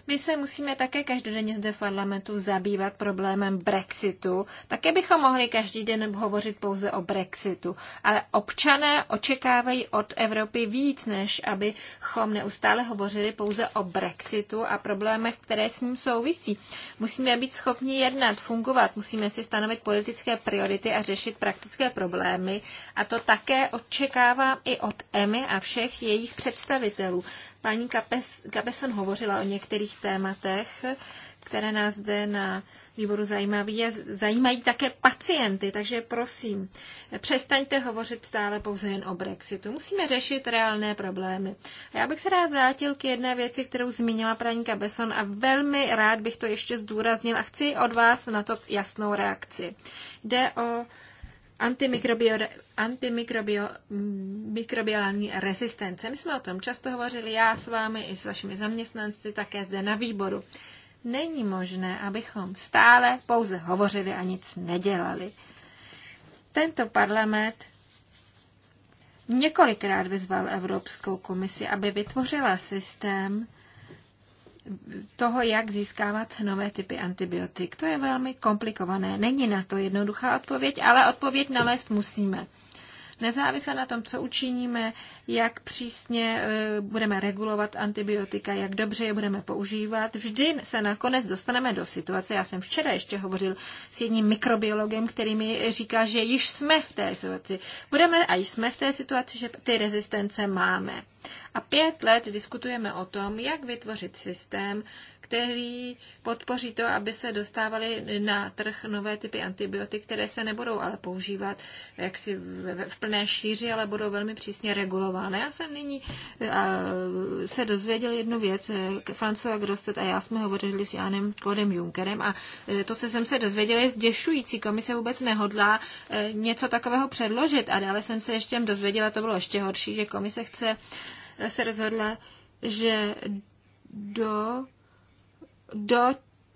My se musíme také každodenně zde v parlamentu zabývat problémem Brexitu. Také bychom mohli každý den hovořit pouze o Brexitu. Ale občané očekávají od Evropy víc, než abychom neustále hovořili pouze o Brexitu a problémech, které s ním souvisí. Musíme být schopni jednat, fungovat, musíme si stanovit politické priority a řešit praktické problémy. A to také očekávám i od EMI a všech jejich představitelů. Paní Gabeson hovořila o některých tématech, které nás zde na výboru zajímaví a zajímají také pacienty, takže prosím, přestaňte hovořit stále pouze jen o Brexitu. Musíme řešit reálné problémy. A já bych se rád vrátil k jedné věci, kterou zmínila paní Gabeson a velmi rád bych to ještě zdůraznil a chci od vás na to jasnou reakci. Jde o antimikrobiální rezistence. My jsme o tom často hovořili, já s vámi i s vašimi zaměstnanci, také zde na výboru. Není možné, abychom stále pouze hovořili a nic nedělali. Tento parlament několikrát vyzval Evropskou komisi, aby vytvořila systém, toho, jak získávat nové typy antibiotik. To je velmi komplikované. Není na to jednoduchá odpověď, ale odpověď nalézt musíme. Nezávisle na tom, co učiníme, jak přísně e, budeme regulovat antibiotika, jak dobře je budeme používat, vždy se nakonec dostaneme do situace. Já jsem včera ještě hovořil s jedním mikrobiologem, který mi říká, že již jsme v té situaci. Budeme a jsme v té situaci, že ty rezistence máme. A pět let diskutujeme o tom, jak vytvořit systém, který podpoří to, aby se dostávaly na trh nové typy antibiotik, které se nebudou ale používat jaksi v plné šíři, ale budou velmi přísně regulovány. Já jsem nyní eh, se dozvěděl jednu věc. Eh, François Grostet a já jsme hovořili s Jánem Klodem Junkerem a eh, to, co jsem se dozvěděl, je zděšující. Komise vůbec nehodlá něco takového předložit a dále jsem se ještě dozvěděla, to bylo ještě horší, že komise chce se rozhodla, že do, do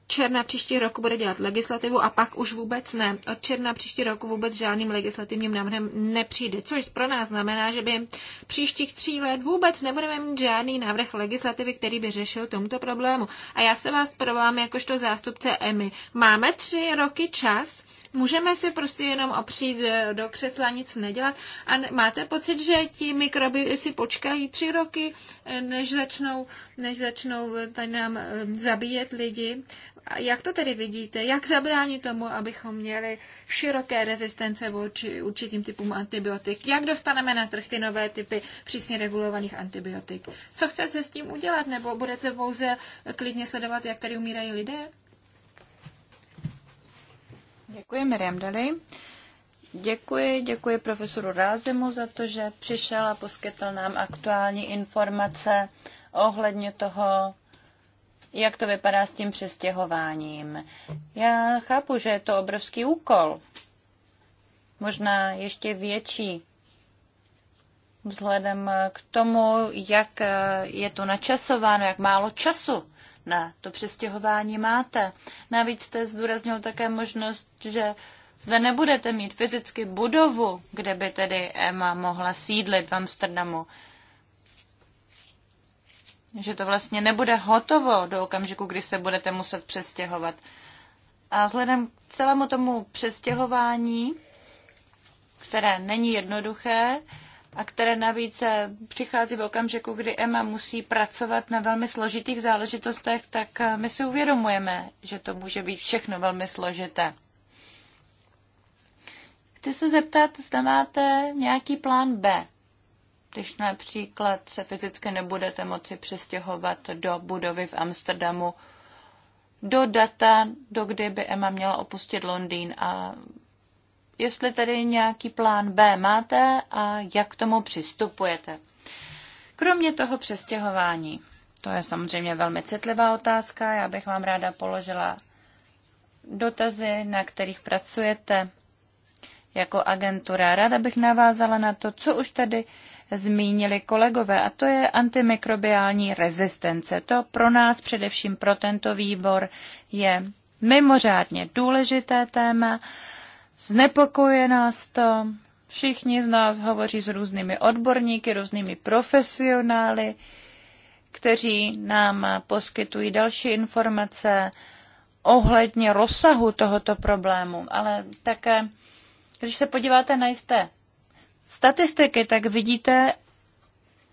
června příští roku bude dělat legislativu a pak už vůbec ne. Od června příští roku vůbec žádným legislativním návrhem nepřijde, což pro nás znamená, že by příštích tří let vůbec nebudeme mít žádný návrh legislativy, který by řešil tomuto problému. A já se vás provám jakožto zástupce EMI. Máme tři roky čas Můžeme se prostě jenom opřít eh, do křesla, nic nedělat a máte pocit, že ti mikroby si počkají tři roky, eh, než začnou, než začnou eh, tady nám zabíjet lidi. A jak to tedy vidíte? Jak zabránit tomu, abychom měli široké rezistence vůči určitým typům antibiotik? Jak dostaneme na trh ty nové typy přísně regulovaných antibiotik? Co chcete s tím udělat? Nebo budete pouze klidně sledovat, jak tady umírají lidé? Děkuji, Miriam Dali. Děkuji, děkuji profesoru Rázemu za to, že přišel a poskytl nám aktuální informace ohledně toho, jak to vypadá s tím přestěhováním. Já chápu, že je to obrovský úkol, možná ještě větší, vzhledem k tomu, jak je to načasováno, jak málo času ne, to přestěhování máte. Navíc jste zdůraznil také možnost, že zde nebudete mít fyzicky budovu, kde by tedy Emma mohla sídlit v Amsterdamu. Že to vlastně nebude hotovo do okamžiku, kdy se budete muset přestěhovat. A vzhledem k celému tomu přestěhování, které není jednoduché, a které navíc přichází v okamžiku, kdy Emma musí pracovat na velmi složitých záležitostech, tak eh, my si uvědomujeme, že to může být všechno velmi složité. Chci se zeptat, zda máte nějaký plán B, když například se fyzicky nebudete moci přestěhovat do budovy v Amsterdamu do data, do kdy by Emma měla opustit Londýn a jestli tedy nějaký plán B máte a jak k tomu přistupujete. Kromě toho přestěhování, to je samozřejmě velmi citlivá otázka, já bych vám ráda položila dotazy, na kterých pracujete jako agentura. Ráda bych navázala na to, co už tady zmínili kolegové, a to je antimikrobiální rezistence. To pro nás, především pro tento výbor, je mimořádně důležité téma Znepokojuje nás to. Všichni z nás hovoří s různými odborníky, různými profesionály, kteří nám poskytují další informace ohledně rozsahu tohoto problému. Ale také, když se podíváte na jisté statistiky, tak vidíte,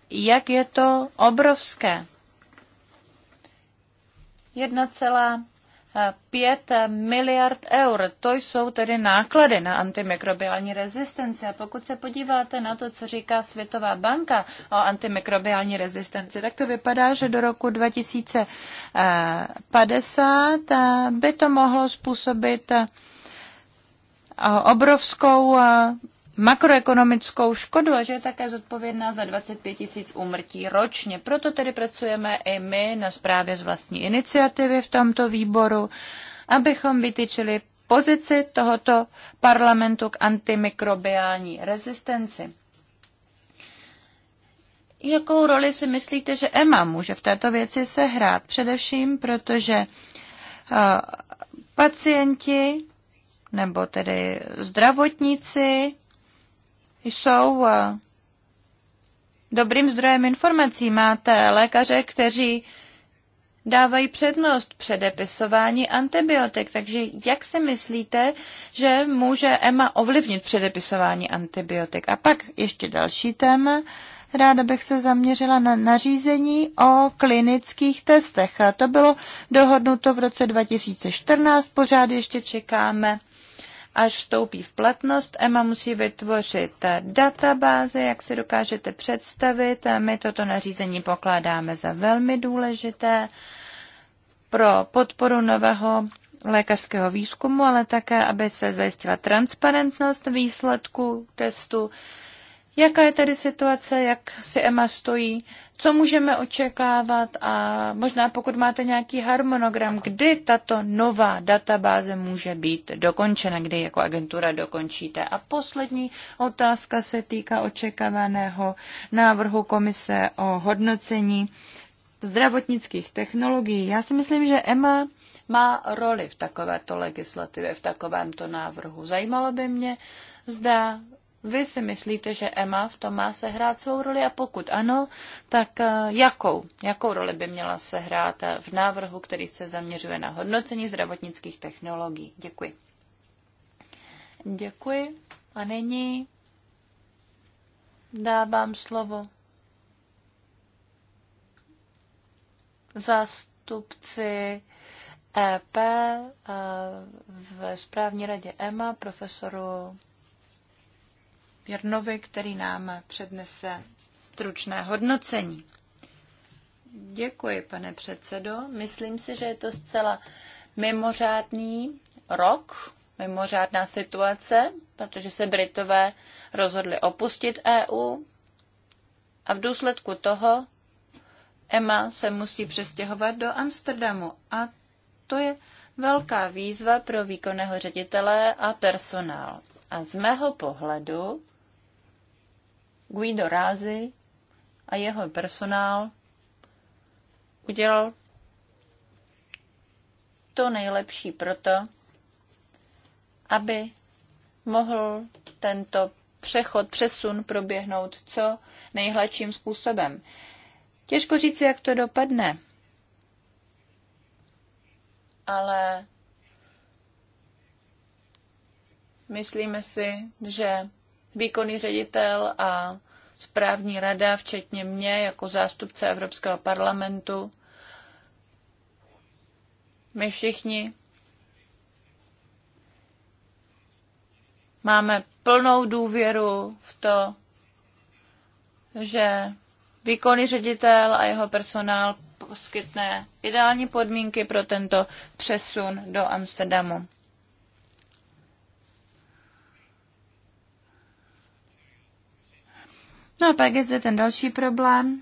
jak je to obrovské. 5 miliard eur. To jsou tedy náklady na antimikrobiální rezistenci. A pokud se podíváte na to, co říká Světová banka o antimikrobiální rezistenci, tak to vypadá, že do roku 2050 eh, by to mohlo způsobit eh, obrovskou eh, makroekonomickou škodu a že je také zodpovědná za 25 tisíc úmrtí ročně. Proto tedy pracujeme i my na zprávě z vlastní iniciativy v tomto výboru, abychom vytyčili pozici tohoto parlamentu k antimikrobiální rezistenci. Jakou roli si myslíte, že EMA může v této věci sehrát? Především, protože eh, pacienti nebo tedy zdravotníci jsou eh, dobrým zdrojem informací. Máte lékaře, kteří dávají přednost předepisování antibiotik. Takže jak si myslíte, že může EMA ovlivnit předepisování antibiotik? A pak ještě další téma. Ráda bych se zaměřila na nařízení o klinických testech. A to bylo dohodnuto v roce 2014, pořád ještě čekáme až vstoupí v platnost. EMA musí vytvořit databáze, jak si dokážete představit. My toto nařízení pokládáme za velmi důležité pro podporu nového lékařského výzkumu, ale také, aby se zajistila transparentnost výsledku testu Jaká je tedy situace, jak si EMA stojí, co můžeme očekávat a možná pokud máte nějaký harmonogram, kdy tato nová databáze může být dokončena, kdy jako agentura dokončíte. A poslední otázka se týká očekávaného návrhu komise o hodnocení zdravotnických technologií. Já si myslím, že EMA má roli v takovéto legislativě, v takovémto návrhu. Zajímalo by mě, zda vy si myslíte, že Emma v tom má sehrát svou roli a pokud ano, tak eh, jakou? Jakou roli by měla sehrát eh, v návrhu, který se zaměřuje na hodnocení zdravotnických technologií? Děkuji. Děkuji. A nyní dávám slovo zástupci EP eh, v správní radě EMA profesoru Jarnovi, který nám přednese stručné hodnocení. Děkuji, pane předsedo. Myslím si, že je to zcela mimořádný rok, mimořádná situace, protože se Britové rozhodli opustit EU a v důsledku toho Emma se musí přestěhovat do Amsterdamu. A to je velká výzva pro výkonného ředitele a personál. A z mého pohledu Guido Rázy a jeho personál udělal to nejlepší proto, aby mohl tento přechod, přesun proběhnout co nejhladším způsobem. Těžko říct, jak to dopadne, ale myslíme si, že výkonný ředitel a správní rada, včetně mě jako zástupce Evropského parlamentu. My všichni máme plnou důvěru v to, že výkonný ředitel a jeho personál poskytne ideální podmínky pro tento přesun do Amsterdamu. No a pak je zde ten další problém,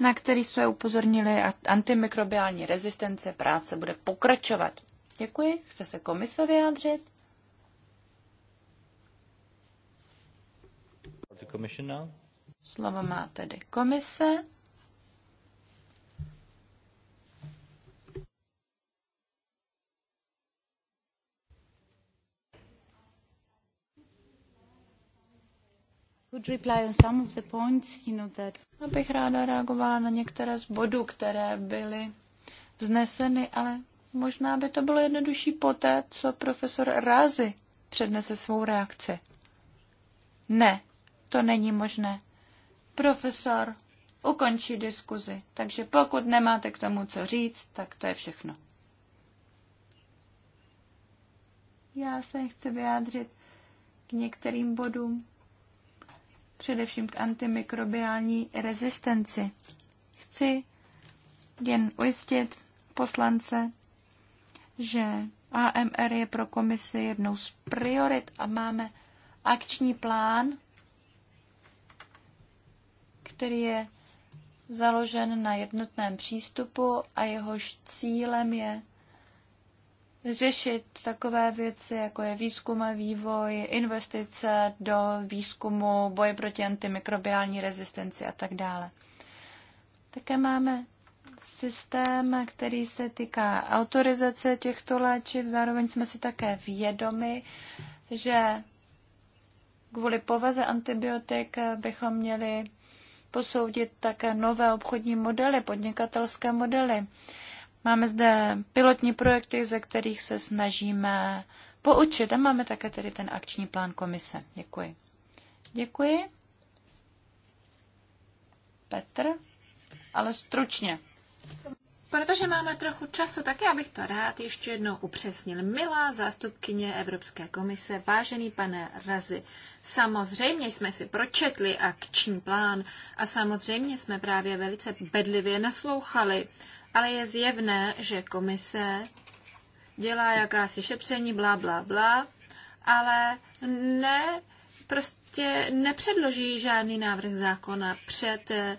na který jsme upozornili a antimikrobiální rezistence práce bude pokračovat. Děkuji. Chce se komise vyjádřit? Slovo má tedy komise. Abych ráda reagovala na některé z bodů, které byly vzneseny, ale možná by to bylo jednodušší poté, co profesor Rázy přednese svou reakci. Ne, to není možné. Profesor ukončí diskuzi, takže pokud nemáte k tomu co říct, tak to je všechno. Já se chci vyjádřit k některým bodům především k antimikrobiální rezistenci. Chci jen ujistit poslance, že AMR je pro komisi jednou z priorit a máme akční plán, který je založen na jednotném přístupu a jehož cílem je řešit takové věci, jako je výzkum a vývoj, investice do výzkumu, boje proti antimikrobiální rezistenci a tak dále. Také máme systém, který se týká autorizace těchto léčiv. Zároveň jsme si také vědomi, že kvůli povaze antibiotik bychom měli posoudit také nové obchodní modely, podnikatelské modely. Máme zde pilotní projekty, ze kterých se snažíme poučit a máme také tedy ten akční plán komise. Děkuji. Děkuji. Petr, ale stručně. Protože máme trochu času, tak já bych to rád ještě jednou upřesnil. Milá zástupkyně Evropské komise, vážený pane Razy, samozřejmě jsme si pročetli akční plán a samozřejmě jsme právě velice bedlivě naslouchali ale je zjevné, že komise dělá jakási šetření, bla, bla, bla, ale ne, prostě nepředloží žádný návrh zákona před eh,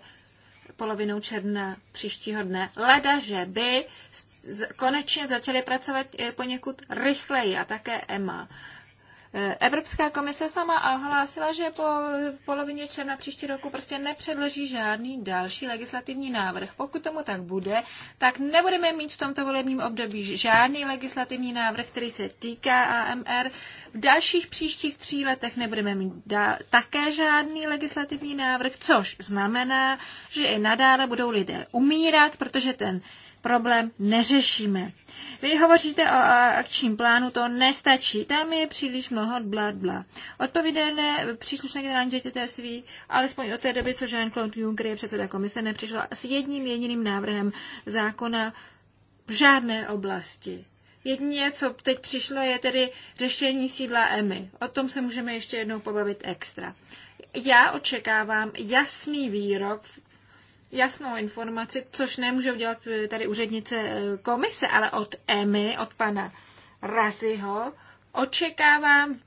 polovinou června příštího dne. Leda, že by konečně začaly pracovat eh, poněkud rychleji a také EMA. Evropská komise sama ohlásila, že po polovině června příští roku prostě nepředloží žádný další legislativní návrh. Pokud tomu tak bude, tak nebudeme mít v tomto volebním období žádný legislativní návrh, který se týká AMR. V dalších příštích tří letech nebudeme mít také žádný legislativní návrh, což znamená, že i nadále budou lidé umírat, protože ten problém neřešíme. Vy hovoříte o akčním plánu, to nestačí. Tam je příliš mnoho bla, bla. Odpovědné příslušné generální ředitelství, alespoň od té doby, co Jean-Claude Juncker je předseda komise, nepřišla s jedním jediným návrhem zákona v žádné oblasti. Jedině, co teď přišlo, je tedy řešení sídla EMI. O tom se můžeme ještě jednou pobavit extra. Já očekávám jasný výrok v jasnou informaci, což nemůže udělat eh, tady úřednice eh, komise, ale od EMI, od pana Raziho, očekávám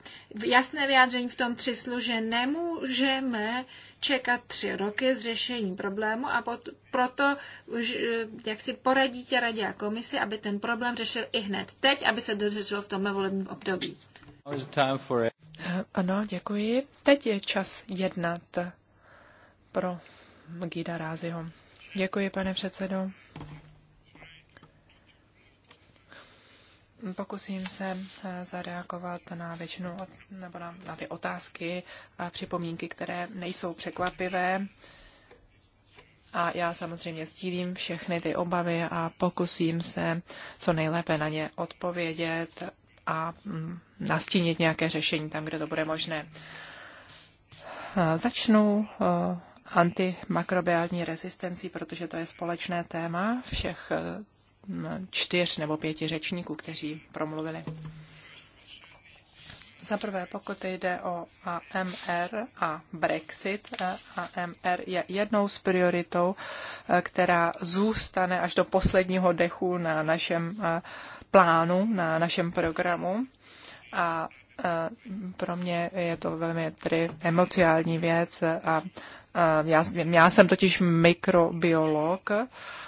jasné vyjádření v tom třislu, že nemůžeme čekat tři roky s řešením problému a pot, proto už, eh, jak si poradíte radě a komisi, aby ten problém řešil i hned teď, aby se dořešilo v tomhle volebním období. Ano, děkuji. Teď je čas jednat pro Mgida Ráziho. Děkuji, pane předsedo. Pokusím se eh, zareagovat na většinu nebo na, na ty otázky a připomínky, které nejsou překvapivé. A já samozřejmě sdílím všechny ty obavy a pokusím se co nejlépe na ně odpovědět a mm, nastínit nějaké řešení tam, kde to bude možné. Eh, začnu eh, antimakrobiální rezistencí, protože to je společné téma všech eh, čtyř nebo pěti řečníků, kteří promluvili. Za prvé, pokud jde o AMR a Brexit, eh, AMR je jednou z prioritou, eh, která zůstane až do posledního dechu na našem plánu, na našem programu. A Eh, pro mě je to velmi tedy emociální věc a eh, já, já jsem totiž mikrobiolog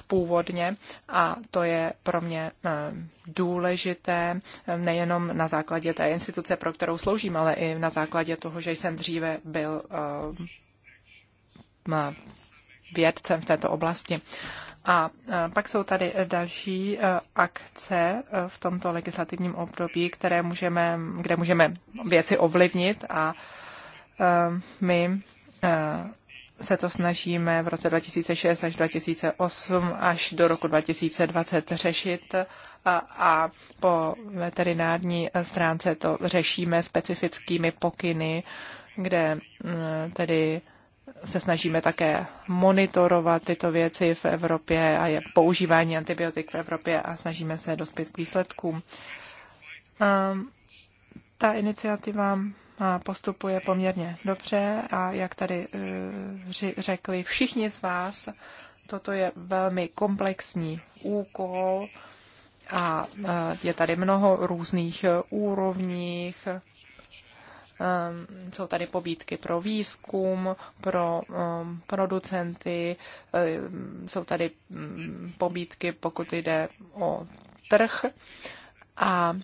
původně a to je pro mě eh, důležité nejenom na základě té instituce, pro kterou sloužím, ale i na základě toho, že jsem dříve byl vědcem v této oblasti. A e, pak jsou tady e, další e, akce v tomto legislativním období, které můžeme, kde můžeme věci ovlivnit a my se to snažíme v roce 2006 až 2008 až do roku 2020 řešit a, a po veterinární stránce to řešíme specifickými pokyny, kde tedy se snažíme také monitorovat tyto věci v Evropě a je používání antibiotik v Evropě a snažíme se dospět k výsledkům. Ta iniciativa postupuje poměrně dobře a jak tady eh, řekli všichni z vás, toto je velmi komplexní úkol a eh, je tady mnoho různých eh, úrovních Ehm, jsou tady pobídky pro výzkum, pro ehm, producenty, ehm, jsou tady mm, pobídky, pokud jde o trh. A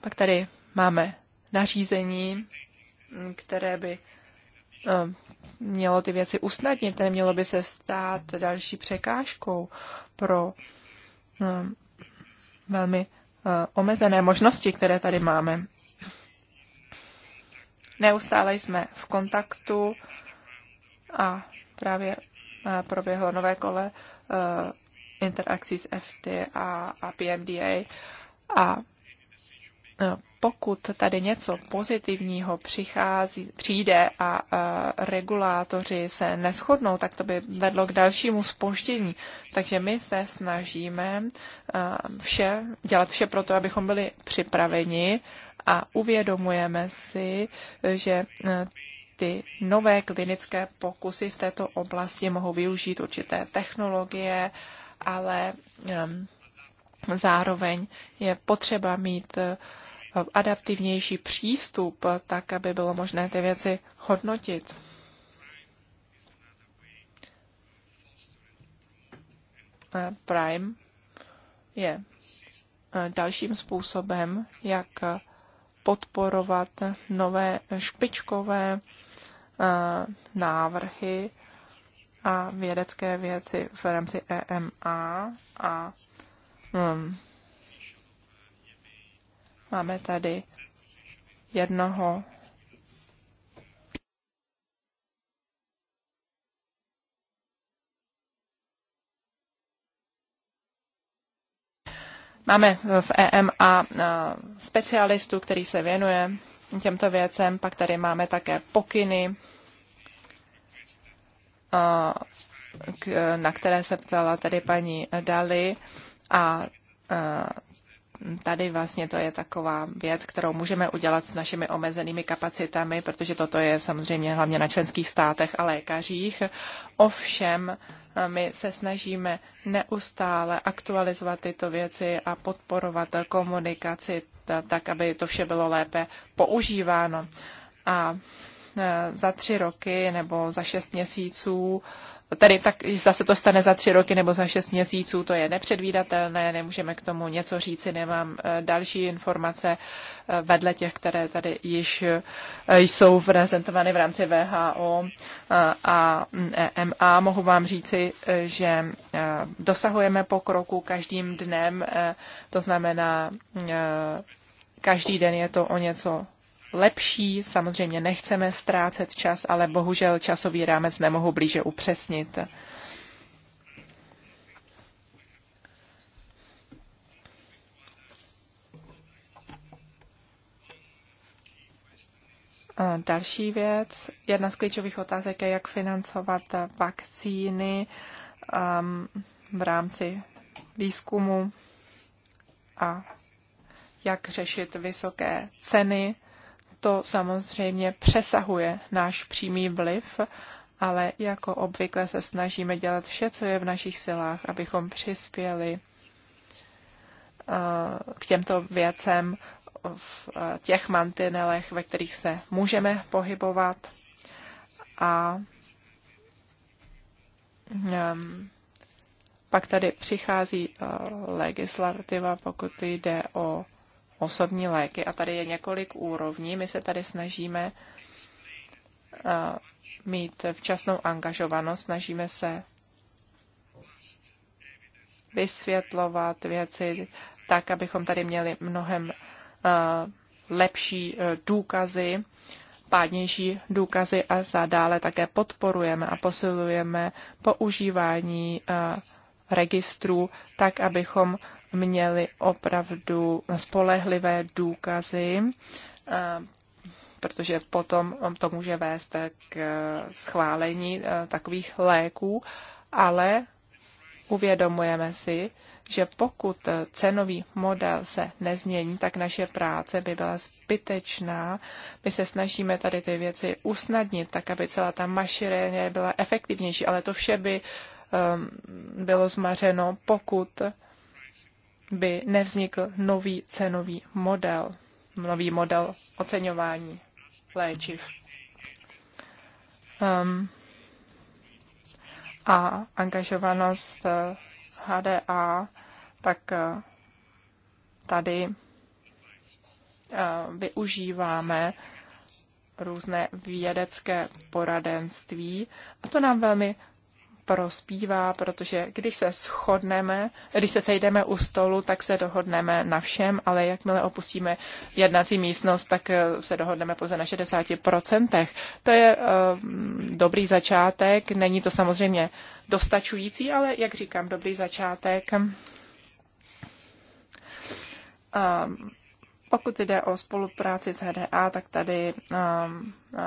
pak tady máme nařízení, které by mělo ty věci usnadnit, nemělo by se stát další překážkou pro velmi eh, omezené možnosti, které tady máme. Neustále jsme v kontaktu a právě eh, proběhlo nové kole eh, interakcí s FT a PMDA a eh, pokud tady něco pozitivního přichází, přijde a, a regulátoři se neschodnou, tak to by vedlo k dalšímu spoždění. Takže my se snažíme a, vše, dělat vše pro to, abychom byli připraveni a uvědomujeme si, že eh, ty nové klinické pokusy v této oblasti mohou využít určité technologie, ale ehm, zároveň je potřeba mít eh, adaptivnější přístup, tak aby bylo možné ty věci hodnotit. Eh, Prime je dalším způsobem, jak podporovat nové špičkové eh, návrhy a vědecké věci v rámci EMA a hmm, máme tady jednoho Máme v EMA e, specialistu, který se věnuje těmto věcem, pak tady máme také pokyny, e, na které se ptala tady paní Dali a e, tady vlastně to je taková věc, kterou můžeme udělat s našimi omezenými kapacitami, protože toto je samozřejmě hlavně na členských státech a lékařích. Ovšem, eh, my se snažíme neustále aktualizovat tyto věci a podporovat komunikaci tak, aby to vše bylo lépe používáno. A eh, za tři roky nebo za šest měsíců tedy tak zase to stane za tři roky nebo za šest měsíců, to je nepředvídatelné, nemůžeme k tomu něco říci, nemám eh, další informace eh, vedle těch, které tady již eh, jsou prezentovány v rámci VHO a mm, EMA. Mohu vám říci, že dosahujeme pokroku každým dnem, to znamená, každý den je to o něco lepší. Samozřejmě nechceme ztrácet čas, ale bohužel časový rámec nemohu blíže upřesnit. Další věc, jedna z klíčových otázek je, jak financovat vakcíny um, v rámci výzkumu a jak řešit vysoké ceny to samozřejmě přesahuje náš přímý vliv, ale jako obvykle se snažíme dělat vše, co je v našich silách, abychom přispěli k těmto věcem v těch mantinelech, ve kterých se můžeme pohybovat. A um, pak tady přichází legislativa, pokud jde o osobní léky. A tady je několik úrovní. My se tady snažíme mít včasnou angažovanost, snažíme se vysvětlovat věci tak, abychom tady měli mnohem lepší e, důkazy, pádnější důkazy a zadále také podporujeme a posilujeme používání registrů, tak abychom měli opravdu spolehlivé důkazy, eh, protože potom to může vést k schválení eh, takových léků, ale uvědomujeme si, že pokud cenový model se nezmění, tak naše práce by byla zbytečná. My se snažíme tady ty věci usnadnit, tak aby celá ta mašinérie byla efektivnější, ale to vše by um, bylo zmařeno, pokud by nevznikl nový cenový model, nový model oceňování léčiv. Um, a angažovanost HDA, eh, tak eh, tady eh, využíváme různé vědecké poradenství a to nám velmi prospívá, protože když se shodneme, když se sejdeme u stolu, tak se dohodneme na všem, ale jakmile opustíme jednací místnost, tak eh, se dohodneme pouze na 60%. To je eh, dobrý začátek, není to samozřejmě dostačující, ale jak říkám, dobrý začátek. Pokud jde o spolupráci s HDA, tak tady eh,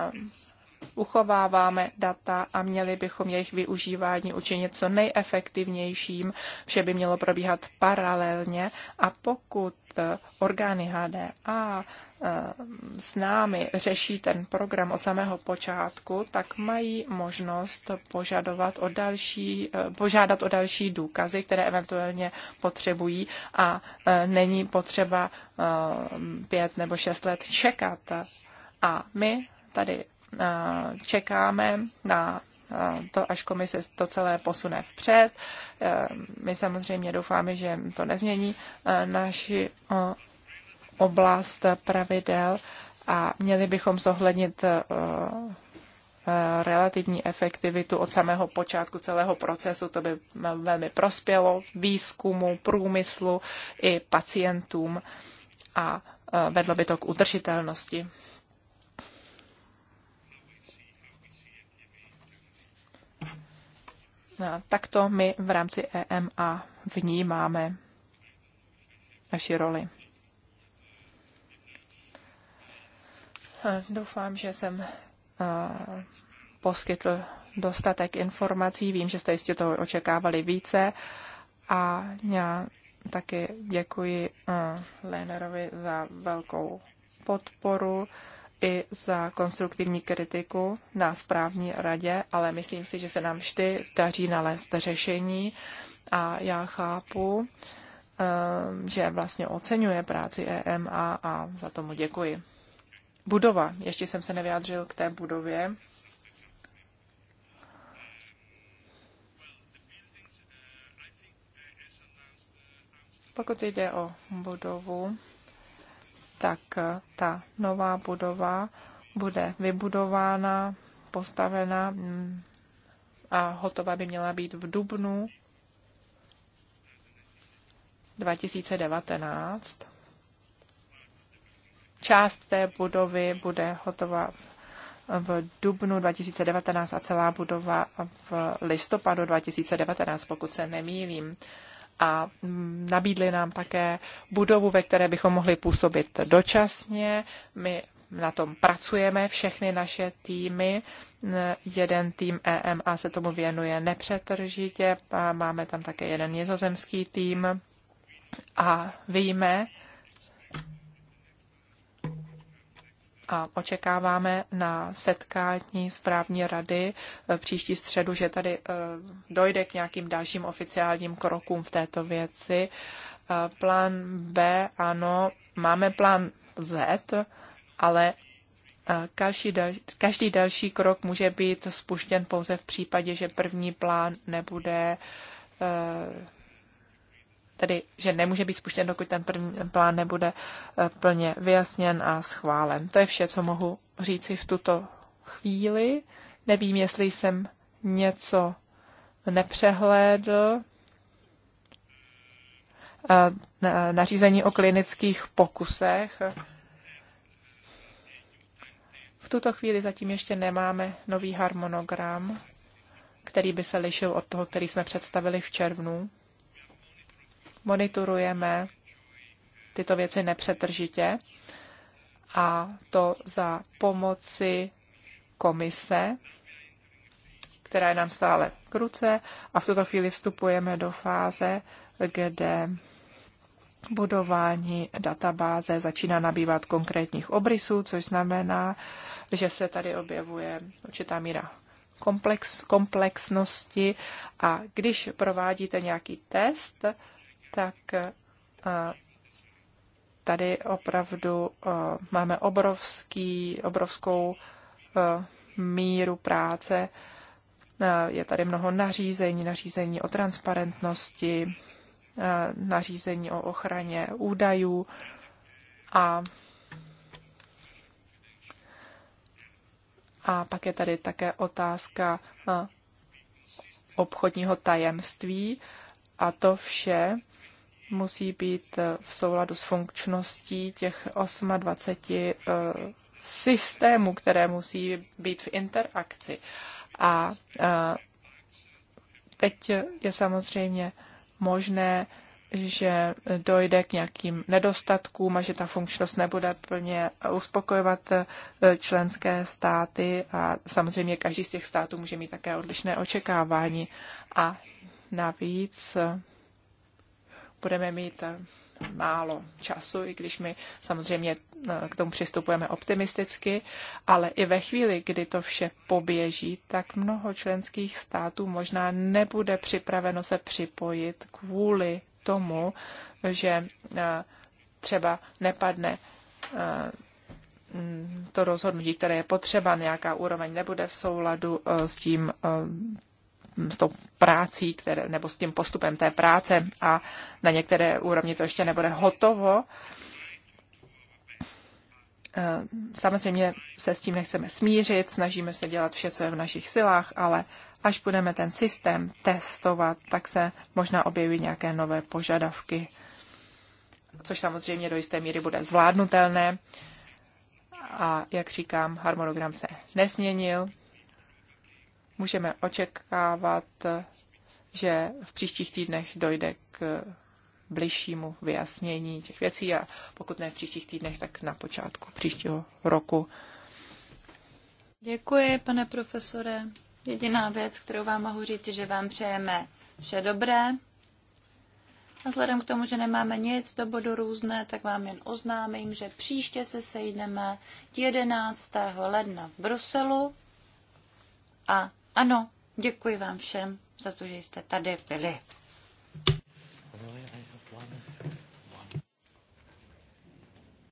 uchováváme data a měli bychom jejich využívání učinit co nejefektivnějším. Vše by mělo probíhat paralelně a pokud eh, orgány HDA eh, s námi řeší ten program od samého počátku, tak mají možnost požadovat o další, eh, požádat o další důkazy, které eventuálně potřebují a není potřeba pět nebo šest let čekat. A my tady čekáme na to, až komise to celé posune vpřed. My samozřejmě doufáme, že to nezmění naši oblast pravidel a měli bychom zohlednit relativní efektivitu od samého počátku celého procesu. To by velmi prospělo výzkumu, průmyslu i pacientům a vedlo by to k udržitelnosti. Tak to my v rámci EMA vnímáme naši roli. Doufám, že jsem poskytl dostatek informací. Vím, že jste jistě toho očekávali více. A já taky děkuji Lénerovi za velkou podporu i za konstruktivní kritiku na správní radě, ale myslím si, že se nám vždy daří nalézt řešení a já chápu, ehm, že vlastně oceňuje práci EMA a za tomu děkuji. Budova. Ještě jsem se nevyjádřil k té budově. Pokud jde o budovu, tak eh, ta nová budova bude vybudována, postavena mm, a hotová by měla být v dubnu 2019. Část té budovy bude hotová v dubnu 2019 a celá budova v listopadu 2019, pokud se nemýlím a nabídli nám také budovu, ve které bychom mohli působit dočasně. My na tom pracujeme, všechny naše týmy. Jeden tým EMA se tomu věnuje nepřetržitě, máme tam také jeden nizozemský tým a víme, a očekáváme na setkání správní rady e, příští středu, že tady e, dojde k nějakým dalším oficiálním krokům v této věci. E, plán B, ano, máme plán Z, ale každý, každý další krok může být spuštěn pouze v případě, že první plán nebude tedy že nemůže být spuštěn, dokud ten první plán nebude eh, plně vyjasněn a schválen. To je vše, co mohu říci v tuto chvíli. Nevím, jestli jsem něco nepřehlédl. Eh, nařízení o klinických pokusech. V tuto chvíli zatím ještě nemáme nový harmonogram, který by se lišil od toho, který jsme představili v červnu monitorujeme tyto věci nepřetržitě a to za pomoci komise, která je nám stále k ruce a v tuto chvíli vstupujeme do fáze, kde budování databáze začíná nabývat konkrétních obrysů, což znamená, že se tady objevuje určitá míra komplex, komplexnosti a když provádíte nějaký test, tak eh, tady opravdu eh, máme obrovský, obrovskou eh, míru práce. Je tady mnoho nařízení, nařízení o transparentnosti, nařízení o ochraně údajů a A pak je tady také otázka obchodního tajemství a to vše musí být eh, v souladu s funkčností těch 28 eh, systémů, které musí být v interakci. A eh, teď je samozřejmě možné, že dojde k nějakým nedostatkům a že ta funkčnost nebude plně uspokojovat členské státy a samozřejmě každý z těch států může mít také odlišné očekávání. A navíc budeme mít eh, málo času, i když my samozřejmě eh, k tomu přistupujeme optimisticky, ale i ve chvíli, kdy to vše poběží, tak mnoho členských států možná nebude připraveno se připojit kvůli tomu, že eh, třeba nepadne mm, to rozhodnutí, které je potřeba, nějaká úroveň nebude v souladu s tím s tou prácí které, nebo s tím postupem té práce a na některé úrovni to ještě nebude hotovo. Eh, samozřejmě se s tím nechceme smířit, snažíme se dělat vše, co je v našich silách, ale až budeme ten systém testovat, tak se možná objeví nějaké nové požadavky, což samozřejmě do jisté míry bude zvládnutelné. A jak říkám, harmonogram se nesměnil, Můžeme očekávat, že v příštích týdnech dojde k bližšímu vyjasnění těch věcí a pokud ne v příštích týdnech, tak na počátku příštího roku. Děkuji, pane profesore. Jediná věc, kterou vám mohu říct, že vám přejeme vše dobré. A vzhledem k tomu, že nemáme nic do bodu různé, tak vám jen oznámím, že příště se sejdeme 11. ledna v Bruselu a ano, děkuji vám všem za to, že jste tady byli.